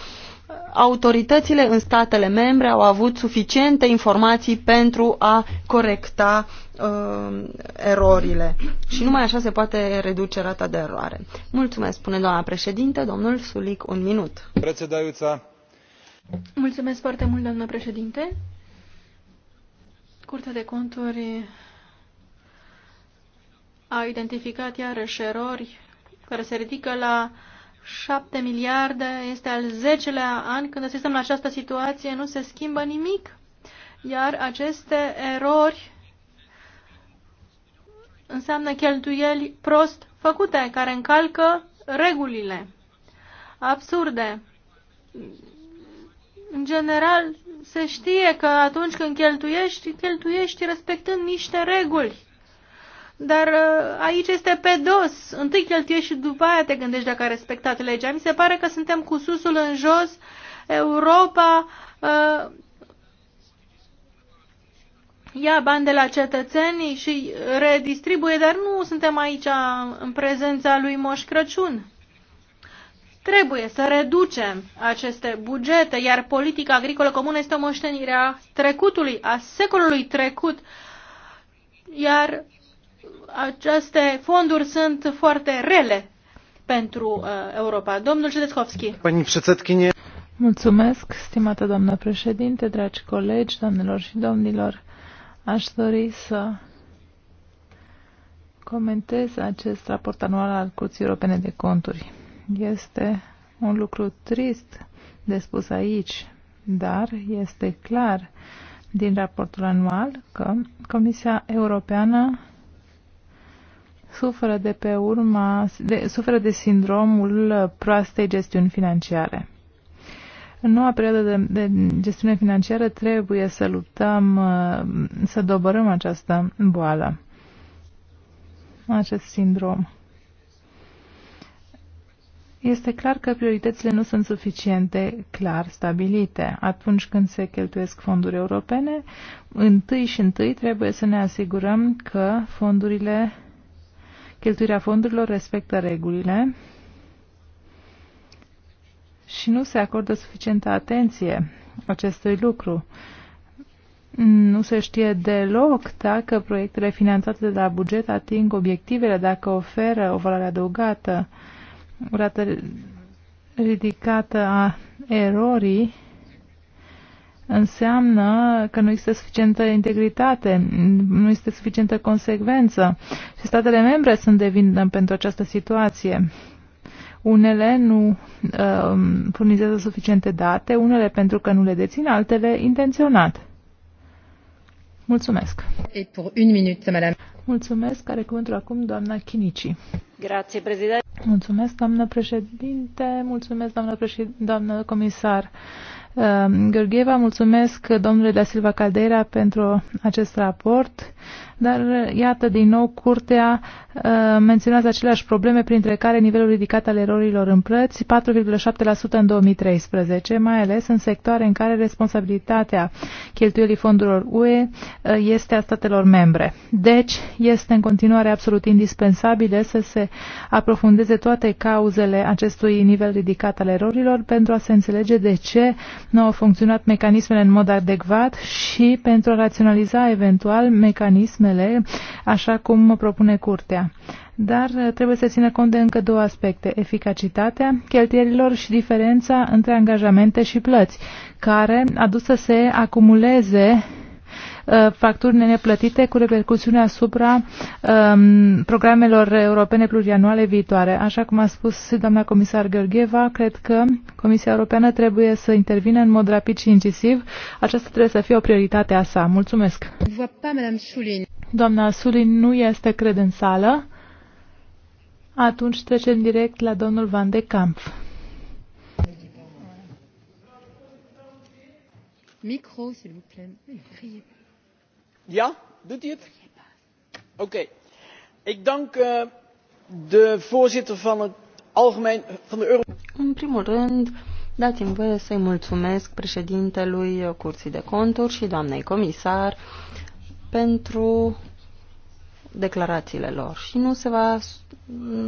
autoritățile în statele membre au avut suficiente informații pentru a corecta uh, erorile. Și numai așa se poate reduce rata de eroare. Mulțumesc, spune doamna președinte. Domnul Sulic, un minut. Prețedaiuța. Mulțumesc foarte mult, doamna președinte. Curtea de conturi a identificat iarăși erori care se ridică la uh, 7 miliarde, este al 10-lea an când asistăm la această situație, nu se schimbă nimic. Iar aceste erori înseamnă cheltuieli prost făcute, care încalcă regulile absurde. În general, se știe că atunci când cheltuiești, cheltuiești respectând niște reguli. Dar uh, aici este pe dos. Întâi cheltuiești și după aia te gândești dacă a respectat legea. Mi se pare că suntem cu susul în jos, Europa uh, ia bani de la cetățenii și redistribuie, dar nu suntem aici în prezența lui Moș Crăciun. Trebuie să reducem aceste bugete, iar politica agricolă comună este o moștenire a trecutului, a secolului trecut, iar aceste fonduri sunt foarte rele pentru uh, Europa. Domnul Ședescovski. Mulțumesc, stimată doamnă președinte, dragi colegi, doamnelor și domnilor. Aș dori să comentez acest raport anual al Curții Europene de Conturi. Este un lucru trist de spus aici, dar este clar din raportul anual că Comisia Europeană suferă de pe urma, de, suferă de sindromul proastei gestiuni financiare. În noua perioadă de, de gestiune financiară trebuie să luptăm, uh, să dobărâm această boală, acest sindrom. Este clar că prioritățile nu sunt suficiente clar stabilite. Atunci când se cheltuiesc fonduri europene, întâi și întâi trebuie să ne asigurăm că fondurile Cheltuirea fondurilor respectă regulile și nu se acordă suficientă atenție acestui lucru. Nu se știe deloc dacă proiectele finanțate de la buget ating obiectivele, dacă oferă o valoare adăugată, o rată ridicată a erorii înseamnă că nu există suficientă integritate, nu există suficientă consecvență și statele membre sunt de vină pentru această situație. Unele nu uh, furnizează suficiente date, unele pentru că nu le dețin, altele intenționat. Mulțumesc. Et pour une minute, madame. Mulțumesc. Are cuvântul acum doamna Chinici. Grazie, președinte. Mulțumesc, doamnă președinte. Mulțumesc, doamnă, președinte, doamnă comisar. Uh, Ehm, Gheorgheva, mulțumesc domnule Da Silva Caldeira pentru acest raport. Dar, iată, din nou, curtea uh, menționează aceleași probleme, printre care nivelul ridicat al erorilor în plăți, 4,7% în 2013, mai ales în sectoare în care responsabilitatea cheltuielii fondurilor UE uh, este a statelor membre. Deci, este în continuare absolut indispensabilă să se aprofundeze toate cauzele acestui nivel ridicat al erorilor pentru a se înțelege de ce nu au funcționat mecanismele în mod adecvat și pentru a raționaliza eventual mecanismele problemele, așa cum propune curtea. Dar trebuie să țină cont de încă două aspecte, eficacitatea cheltuielilor și diferența între angajamente și plăți, care a dus să se acumuleze Uh, facturile neplătite cu repercusiune asupra um, programelor europene plurianuale viitoare. Așa cum a spus și doamna comisar Gheorgheva, cred că Comisia Europeană trebuie să intervină în mod rapid și incisiv. Aceasta trebuie să fie o prioritate a sa. Mulțumesc! Doamna Sulin nu este, cred, în sală. Atunci trecem direct la domnul Van de Camp. Micro, s'il vous plaît ik dank eh, de voorzitter van de. în primul rând dați mi voie să îi mulțumesc președintelui curții de conturi și doamnei comisar pentru declarațiile lor și nu se va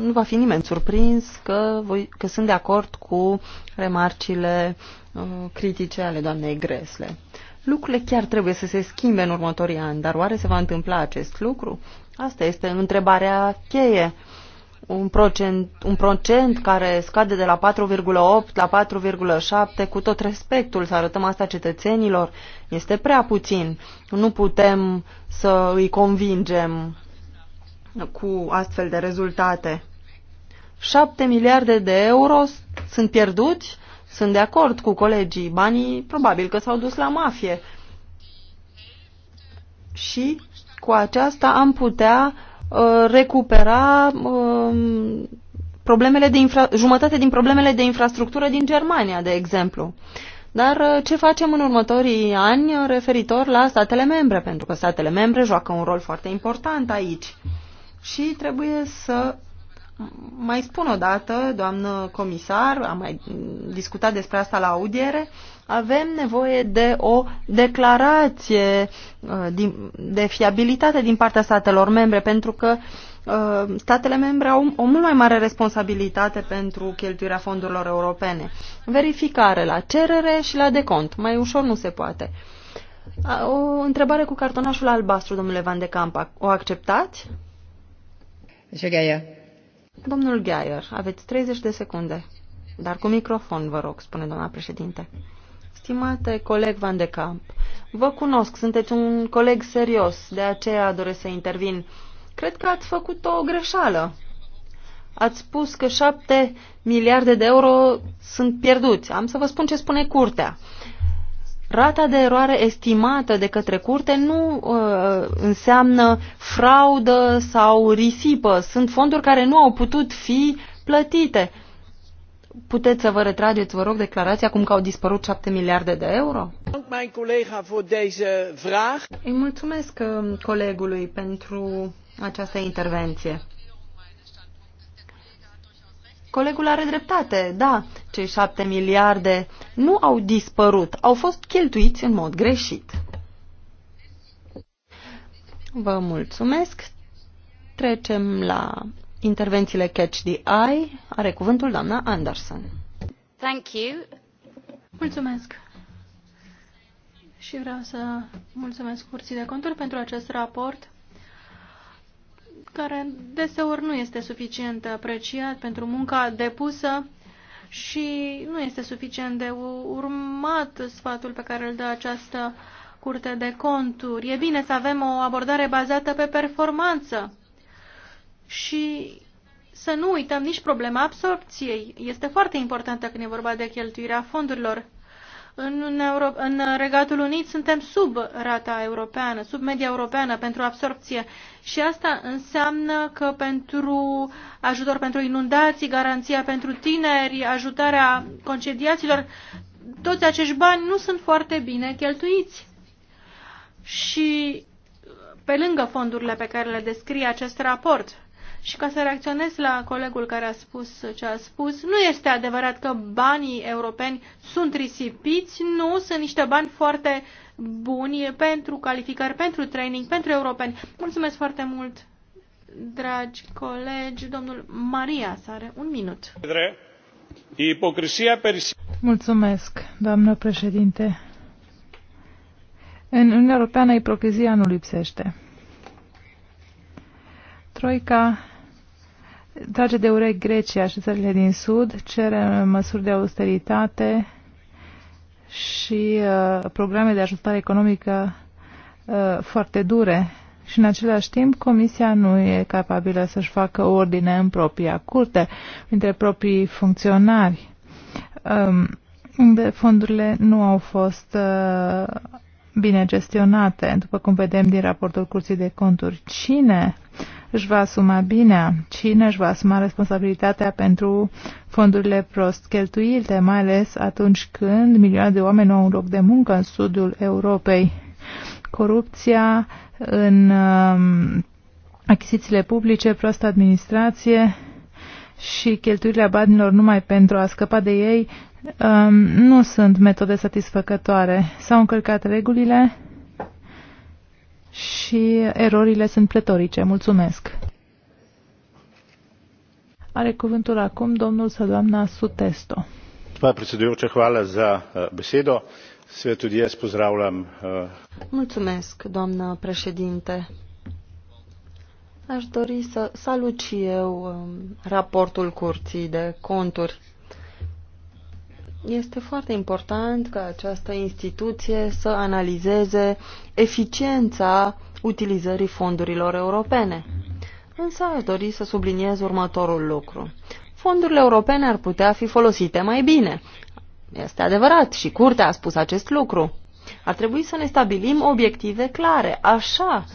nu va fi nimeni surprins că, voi, că sunt de acord cu remarcile uh, critice ale doamnei Gresle. Lucrurile chiar trebuie să se schimbe în următorii ani, dar oare se va întâmpla acest lucru? Asta este întrebarea cheie. Un procent, un procent care scade de la 4,8 la 4,7, cu tot respectul, să arătăm asta cetățenilor, este prea puțin. Nu putem să îi convingem cu astfel de rezultate. 7 miliarde de euro sunt pierduți sunt de acord cu colegii, banii probabil că s-au dus la mafie. Și cu aceasta am putea uh, recupera uh, problemele de infra jumătate din problemele de infrastructură din Germania, de exemplu. Dar uh, ce facem în următorii ani referitor la statele membre? Pentru că statele membre joacă un rol foarte important aici și trebuie să mai spun o dată, doamnă comisar, am mai discutat despre asta la audiere, avem nevoie de o declarație uh, de fiabilitate din partea statelor membre, pentru că uh, statele membre au o mult mai mare responsabilitate pentru cheltuirea fondurilor europene. Verificare la cerere și la decont. Mai ușor nu se poate. O întrebare cu cartonașul albastru, domnule Van de Campa. O acceptați? Monsieur Gaia. Domnul Geier, aveți 30 de secunde, dar cu microfon, vă rog, spune doamna președinte. Stimate coleg Van de Camp, vă cunosc, sunteți un coleg serios, de aceea doresc să intervin. Cred că ați făcut o greșeală. Ați spus că șapte miliarde de euro sunt pierduți. Am să vă spun ce spune curtea. Rata de eroare estimată de către curte nu uh, înseamnă fraudă sau risipă. Sunt fonduri care nu au putut fi plătite. Puteți să vă retrageți, vă rog, declarația acum că au dispărut 7 miliarde de euro? Îi mulțumesc uh, colegului pentru această intervenție. Colegul are dreptate, da, cei șapte miliarde nu au dispărut, au fost cheltuiți în mod greșit. Vă mulțumesc. Trecem la intervențiile Catch the Eye. Are cuvântul doamna Anderson. Thank you. Mulțumesc. Și vreau să mulțumesc Curții de Conturi pentru acest raport care deseori nu este suficient apreciat pentru munca depusă și nu este suficient de urmat sfatul pe care îl dă această curte de conturi. E bine să avem o abordare bazată pe performanță și să nu uităm nici problema absorpției. Este foarte importantă când e vorba de cheltuirea fondurilor în, Euro- în Regatul Unit suntem sub rata europeană, sub media europeană pentru absorpție și asta înseamnă că pentru ajutor pentru inundații, garanția pentru tineri, ajutarea concediaților, toți acești bani nu sunt foarte bine cheltuiți. Și pe lângă fondurile pe care le descrie acest raport, și ca să reacționez la colegul care a spus ce a spus, nu este adevărat că banii europeni sunt risipiți, nu, sunt niște bani foarte buni pentru calificări, pentru training, pentru europeni. Mulțumesc foarte mult, dragi colegi. Domnul Maria Sare, un minut. Ipocrisia Mulțumesc, doamnă președinte. În Uniunea Europeană ipocrizia nu lipsește. Troica trage de urechi Grecia și țările din Sud, cere măsuri de austeritate și uh, programe de ajustare economică uh, foarte dure. Și în același timp, Comisia nu e capabilă să-și facă ordine în propria curte, între proprii funcționari. Um, fondurile nu au fost uh, bine gestionate, după cum vedem din raportul Curții de Conturi. Cine își va asuma bine, cine își va asuma responsabilitatea pentru fondurile prost cheltuite, mai ales atunci când milioane de oameni au un loc de muncă în sudul Europei. Corupția în um, achizițiile publice, proastă administrație și cheltuirile banilor numai pentru a scăpa de ei um, nu sunt metode satisfăcătoare. S-au încălcat regulile și erorile sunt pletorice. Mulțumesc! Are cuvântul acum domnul sau doamna Sutesto. Gospa predsedujoča, hvala za uh, besedo. Uh, Mulțumesc, doamnă președinte. Aș dori să salut și eu um, raportul Curții de Conturi. Este foarte important ca această instituție să analizeze eficiența utilizării fondurilor europene. Însă aș dori să subliniez următorul lucru. Fondurile europene ar putea fi folosite mai bine. Este adevărat și curtea a spus acest lucru. Ar trebui să ne stabilim obiective clare. Așa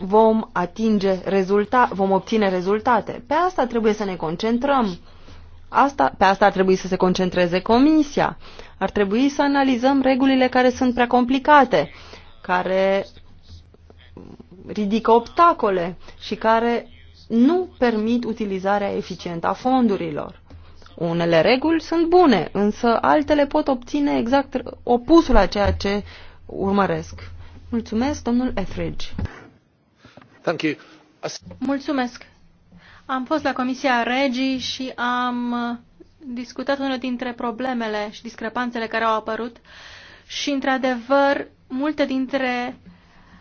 vom atinge rezulta vom obține rezultate. Pe asta trebuie să ne concentrăm Asta, pe asta ar trebui să se concentreze comisia. Ar trebui să analizăm regulile care sunt prea complicate, care ridică obstacole și care nu permit utilizarea eficientă a fondurilor. Unele reguli sunt bune, însă altele pot obține exact opusul a ceea ce urmăresc. Mulțumesc, domnul Etheridge. Mulțumesc am fost la Comisia Regii și am discutat unele dintre problemele și discrepanțele care au apărut și, într-adevăr, multe dintre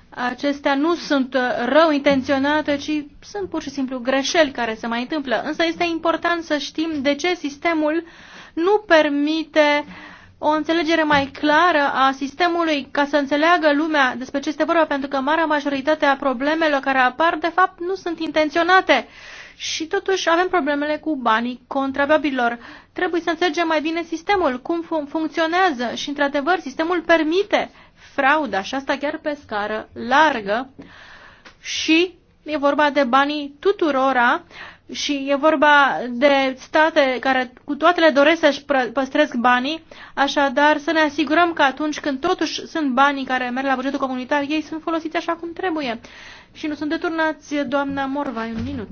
acestea nu sunt rău intenționate, ci sunt pur și simplu greșeli care se mai întâmplă. Însă este important să știm de ce sistemul nu permite o înțelegere mai clară a sistemului ca să înțeleagă lumea despre ce este vorba, pentru că marea majoritate a problemelor care apar, de fapt, nu sunt intenționate. Uh, și totuși avem problemele cu banii contrababililor. Trebuie să înțelegem mai bine sistemul, cum fun- funcționează și, într-adevăr, sistemul permite frauda și asta chiar pe scară largă și e vorba de banii tuturora și e vorba de state care cu toate le doresc să-și păstresc banii, așadar să ne asigurăm că atunci când totuși sunt banii care merg la bugetul comunitar, ei sunt folosiți așa cum trebuie și nu sunt minut.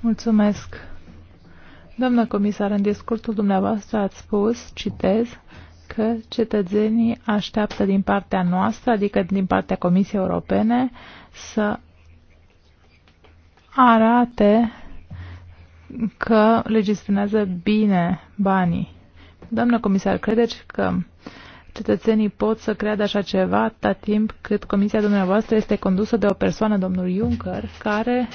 Mulțumesc. comisar, în discursul dumneavoastră ați spus, citez, că cetățenii așteaptă din partea noastră, adică din partea Comisiei Europene, să arate că legislaționează bine banii. Doamnă comisar, credeți că cetățenii pot să creadă așa ceva atâta timp cât comisia dumneavoastră este condusă de o persoană, domnul Juncker, care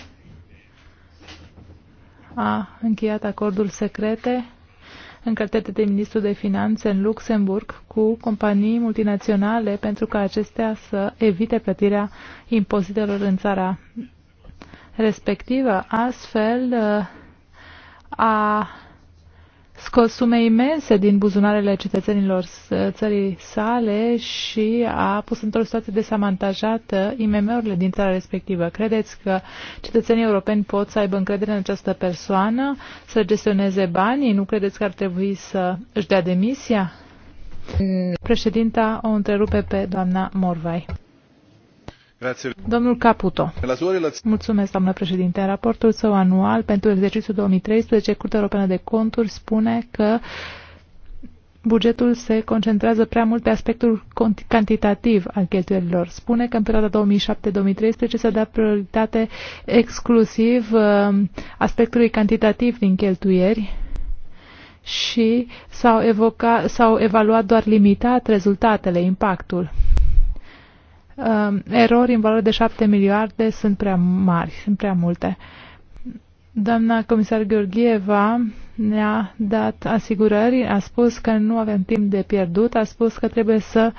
a încheiat acorduri secrete în de ministru de finanțe în Luxemburg cu companii multinaționale pentru ca acestea să evite plătirea impozitelor în țara respectivă. Astfel, uh, a scos sume imense din buzunarele cetățenilor țării sale și a pus într-o situație desamantajată IMM-urile din țara respectivă. Credeți că cetățenii europeni pot să aibă încredere în această persoană, să gestioneze banii? Nu credeți că ar trebui să își dea demisia? Mm. Președinta o întrerupe pe doamna Morvai. Domnul Caputo. Mulțumesc, doamnă președinte. În raportul său anual pentru exercițiul 2013, Curtea Europeană de Conturi spune că bugetul se concentrează prea mult pe aspectul cantitativ al cheltuielilor. Spune că în perioada 2007-2013 se dă prioritate exclusiv uh, aspectului cantitativ din cheltuieri și s-au, evoca, s-au evaluat doar limitat rezultatele, impactul. Um, erori în valoare de 7 miliarde sunt prea mari, sunt prea multe. Doamna comisar Gheorgheva ne-a dat asigurări, a spus că nu avem timp de pierdut, a spus că trebuie să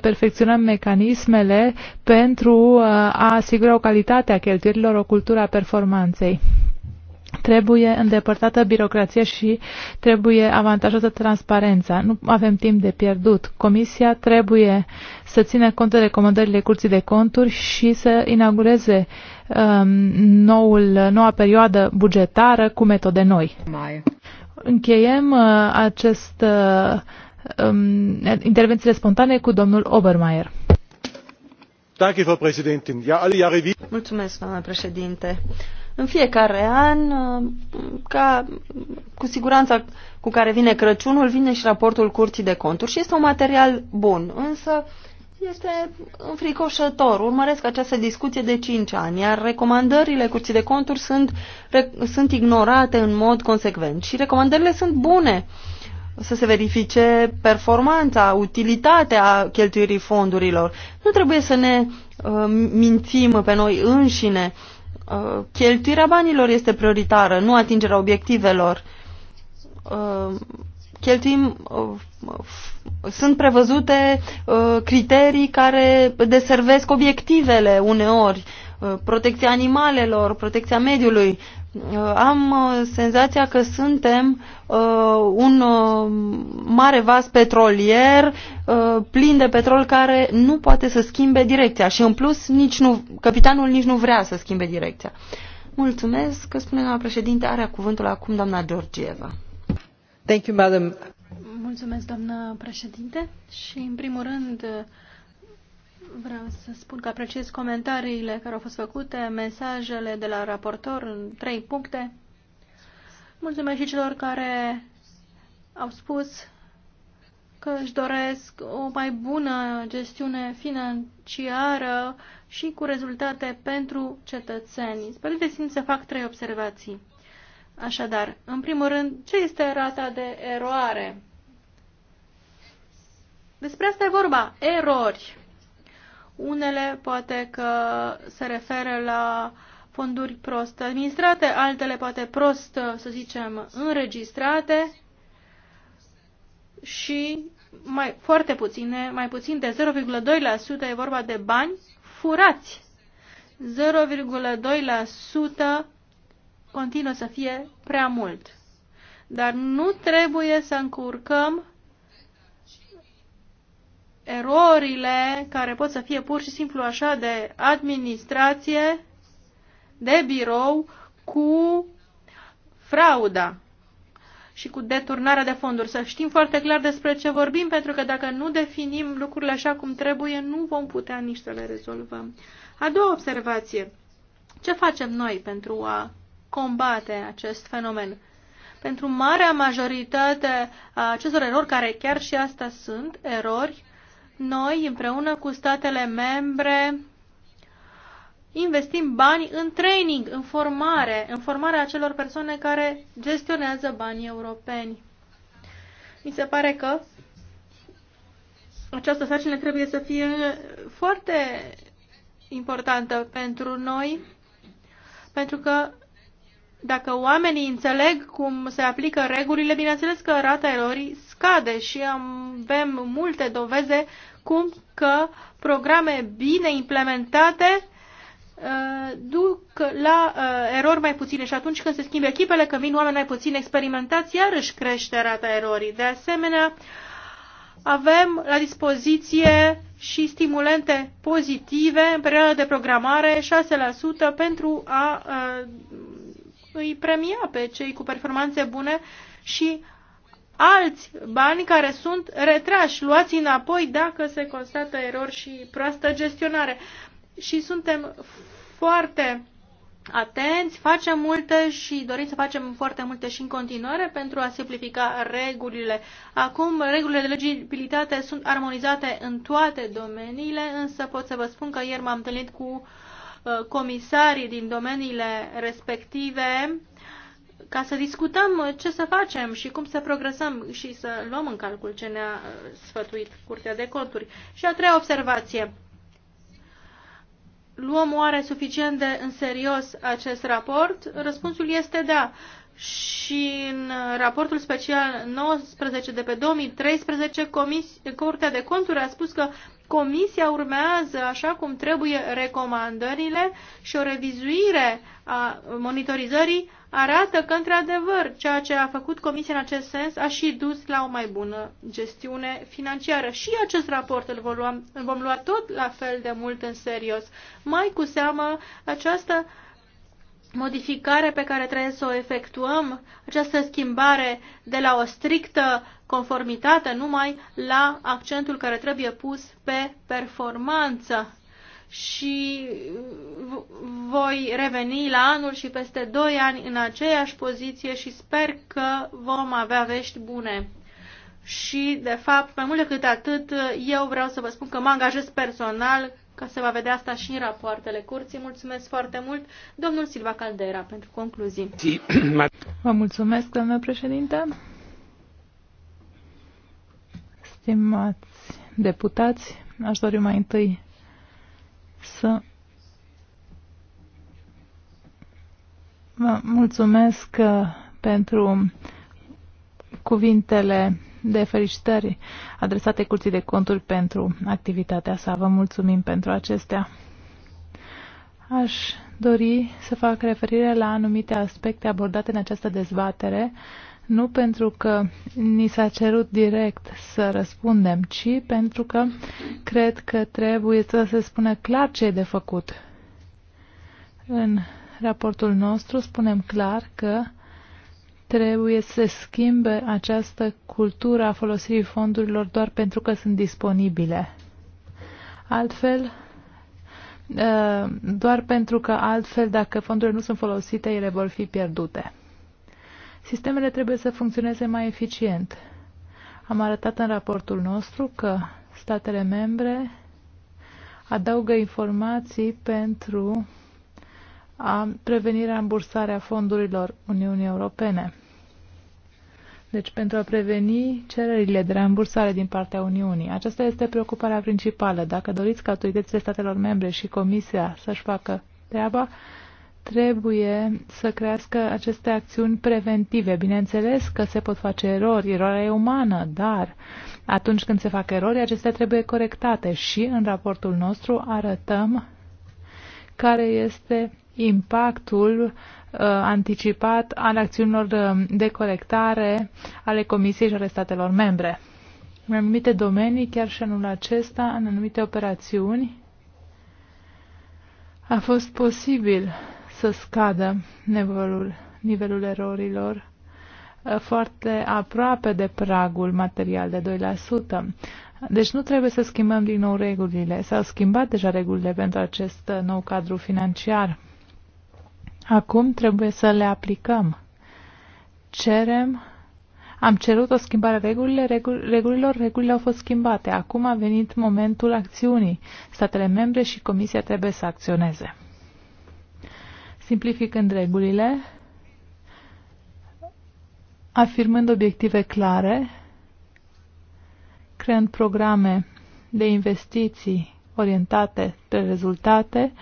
perfecționăm mecanismele pentru uh, a asigura o calitate a cheltuielilor, o cultură a performanței. Trebuie îndepărtată birocrația și trebuie avantajată transparența. Nu avem timp de pierdut. Comisia trebuie să țină cont de recomandările Curții de Conturi și să inaugureze um, noul, noua perioadă bugetară cu metode noi. Mai. Încheiem uh, acest uh, um, intervențiile spontane cu domnul Obermeier. Mulțumesc, doamnă președinte în fiecare an, uh, ca cu siguranța cu care vine Crăciunul, vine și raportul Curții de Conturi și este un material bun, însă este înfricoșător. Urmăresc această discuție de 5 ani, iar recomandările Curții de Conturi sunt, re, sunt ignorate în mod consecvent și recomandările sunt bune să se verifice performanța, utilitatea cheltuirii fondurilor. Nu trebuie să ne uh, mințim pe noi înșine. Uh, Uh, cheltuirea banilor este prioritară, nu atingerea obiectivelor. Uh, cheltuim, uh, sunt prevăzute criterii care deservesc obiectivele uneori Uh, protecția animalelor, protecția mediului. Uh, am uh, senzația că suntem un mare vas petrolier plin de petrol care nu poate să schimbe direcția și în plus nici nu, capitanul nici nu vrea să schimbe direcția. Mulțumesc că spune doamna președinte, are cuvântul acum doamna Georgieva. Thank you, madam. Mulțumesc, doamnă președinte, și în primul rând Vreau să spun că apreciez comentariile care au fost făcute, mesajele de la raportor în trei puncte. Mulțumesc și celor care au spus că își doresc o mai bună gestiune financiară și cu rezultate pentru cetățeni. de simt să fac trei observații. Așadar, în primul rând, ce este rata de eroare? Despre asta e vorba, erori. Unele poate că se referă la fonduri prost administrate, altele poate prost, să zicem, înregistrate și mai, foarte puține, mai puțin de 0,2% e vorba de bani furați. 0,2% continuă să fie prea mult. Dar nu trebuie să încurcăm erorile care pot să fie pur și simplu așa de administrație, de birou, cu frauda și cu deturnarea de fonduri. Să știm foarte clar despre ce vorbim, pentru că dacă nu definim lucrurile așa cum trebuie, nu vom putea nici să le rezolvăm. A doua observație. Ce facem noi pentru a combate acest fenomen? Pentru marea majoritate a acestor erori, care chiar și asta sunt erori, noi, împreună cu statele membre, investim bani în training, în formare, în formarea acelor persoane care gestionează banii europeni. Mi se pare că această sarcină trebuie să fie foarte importantă pentru noi, pentru că dacă oamenii înțeleg cum se aplică regulile, bineînțeles că rata erorii scade și avem multe doveze cum că programe bine implementate uh, duc la uh, erori mai puține și atunci când se schimbă echipele, când vin oameni mai puțin experimentați, iarăși crește rata erorii. De asemenea, avem la dispoziție și stimulente pozitive în perioada de programare 6% pentru a uh, îi premia pe cei cu performanțe bune și alți bani care sunt retrași, luați înapoi dacă se constată erori și proastă gestionare. Și suntem foarte atenți, facem multe și dorim să facem foarte multe și în continuare pentru a simplifica regulile. Acum, regulile de legibilitate sunt armonizate în toate domeniile, însă pot să vă spun că ieri m-am întâlnit cu uh, Uh, comisarii din domeniile respective ca să discutăm ce să facem și cum să progresăm și să luăm în calcul ce ne-a uh, sfătuit Curtea de Conturi. Și a treia observație. Luăm oare suficient de în serios acest raport? Răspunsul este da. Și în raportul special 19 de pe 2013, Comis Curtea de Conturi a spus că Comisia urmează așa cum trebuie recomandările și o revizuire a monitorizării arată că, într-adevăr, ceea ce a făcut Comisia în acest sens a și dus la o mai bună gestiune financiară. Și acest raport îl vom lua, îl vom lua tot la fel de mult în serios. Mai cu seamă, această modificare pe care trebuie să o efectuăm, această schimbare de la o strictă conformitate numai la accentul care trebuie pus pe performanță. Și voi reveni la anul și peste 2 ani în aceeași poziție și sper că vom avea vești bune. Și, de fapt, mai mult decât atât, eu vreau să vă spun că mă angajez personal ca se va vedea asta și în rapoartele curții. Mulțumesc foarte mult, domnul Silva Caldera, pentru concluzii. Vă mulțumesc, domnule președinte. Stimați deputați, aș dori mai întâi să vă mulțumesc pentru cuvintele de felicitări adresate Curții de Conturi pentru activitatea sa. Vă mulțumim pentru acestea. Aș dori să fac referire la anumite aspecte abordate în această dezbatere nu pentru că ni s-a cerut direct să răspundem, ci pentru că cred că trebuie să se spună clar ce e de făcut. În raportul nostru spunem clar că trebuie să schimbe această cultură a folosirii fondurilor doar pentru că sunt disponibile. Altfel, uh, doar pentru că altfel, dacă fondurile nu sunt folosite, ele vor fi pierdute. Sistemele trebuie să funcționeze mai eficient. Am arătat în raportul nostru că statele membre adaugă informații pentru a preveni rambursarea fondurilor Uniunii Europene. Deci pentru a preveni cererile de rambursare din partea Uniunii. Aceasta este preocuparea principală. Dacă doriți ca autoritățile statelor membre și Comisia să-și facă treaba, trebuie să crească aceste acțiuni preventive. Bineînțeles că se pot face erori, eroarea e umană, dar atunci când se fac erori, acestea trebuie corectate și în raportul nostru arătăm care este impactul uh, anticipat al acțiunilor uh, de colectare ale Comisiei și ale statelor membre. În anumite domenii, chiar și anul acesta, în anumite operațiuni, a fost posibil să scadă nivelul, nivelul erorilor eh, foarte aproape de pragul material de 2%. Deci nu trebuie să schimbăm din nou regulile. S-au schimbat deja regulile pentru acest eh, nou cadru financiar. Acum trebuie să le aplicăm. Cerem, am cerut o schimbare a regulile, regul, regulilor, regulile au fost schimbate. Acum a venit momentul acțiunii. Statele membre și Comisia trebuie să acționeze simplificând regulile, afirmând obiective clare, creând programe de investiții orientate pe rezultate,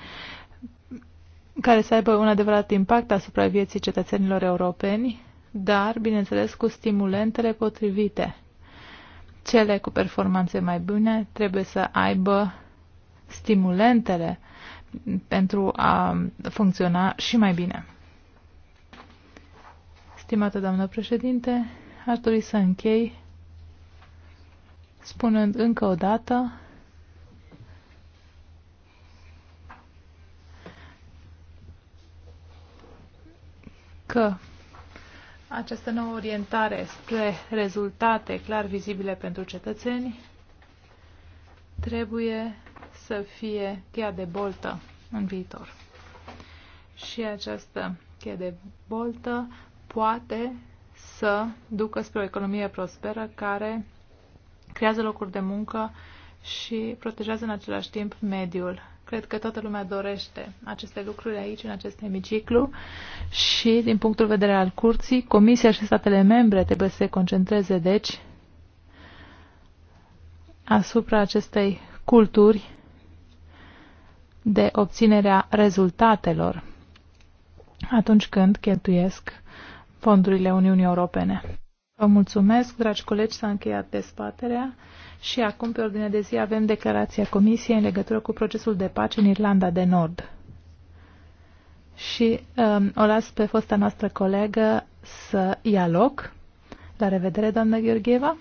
care să aibă un adevărat impact asupra vieții cetățenilor europeni, dar, bineînțeles, cu stimulentele potrivite. Cele cu performanțe mai bune trebuie să aibă stimulentele uh, pentru a funcționa și mai bine. Stimată doamnă președinte, aș dori să închei spunând încă o dată că această nouă orientare spre rezultate clar vizibile pentru cetățeni trebuie să fie cheia de boltă în viitor. Și această cheie de boltă poate să ducă spre o economie prosperă care creează locuri de muncă și protejează în același timp mediul. Cred că toată lumea dorește aceste lucruri aici, în acest hemiciclu și, din punctul de vedere al curții, Comisia și statele membre trebuie să se concentreze, deci, asupra acestei culturi de obținerea rezultatelor atunci când cheltuiesc fondurile Uniunii Europene. Vă mulțumesc, dragi colegi, s-a încheiat dezbaterea și acum pe ordine de zi avem declarația Comisiei în legătură cu procesul de pace în Irlanda de Nord. Și um, o las pe fosta noastră colegă să ia loc. La revedere, doamnă Gheorgheva!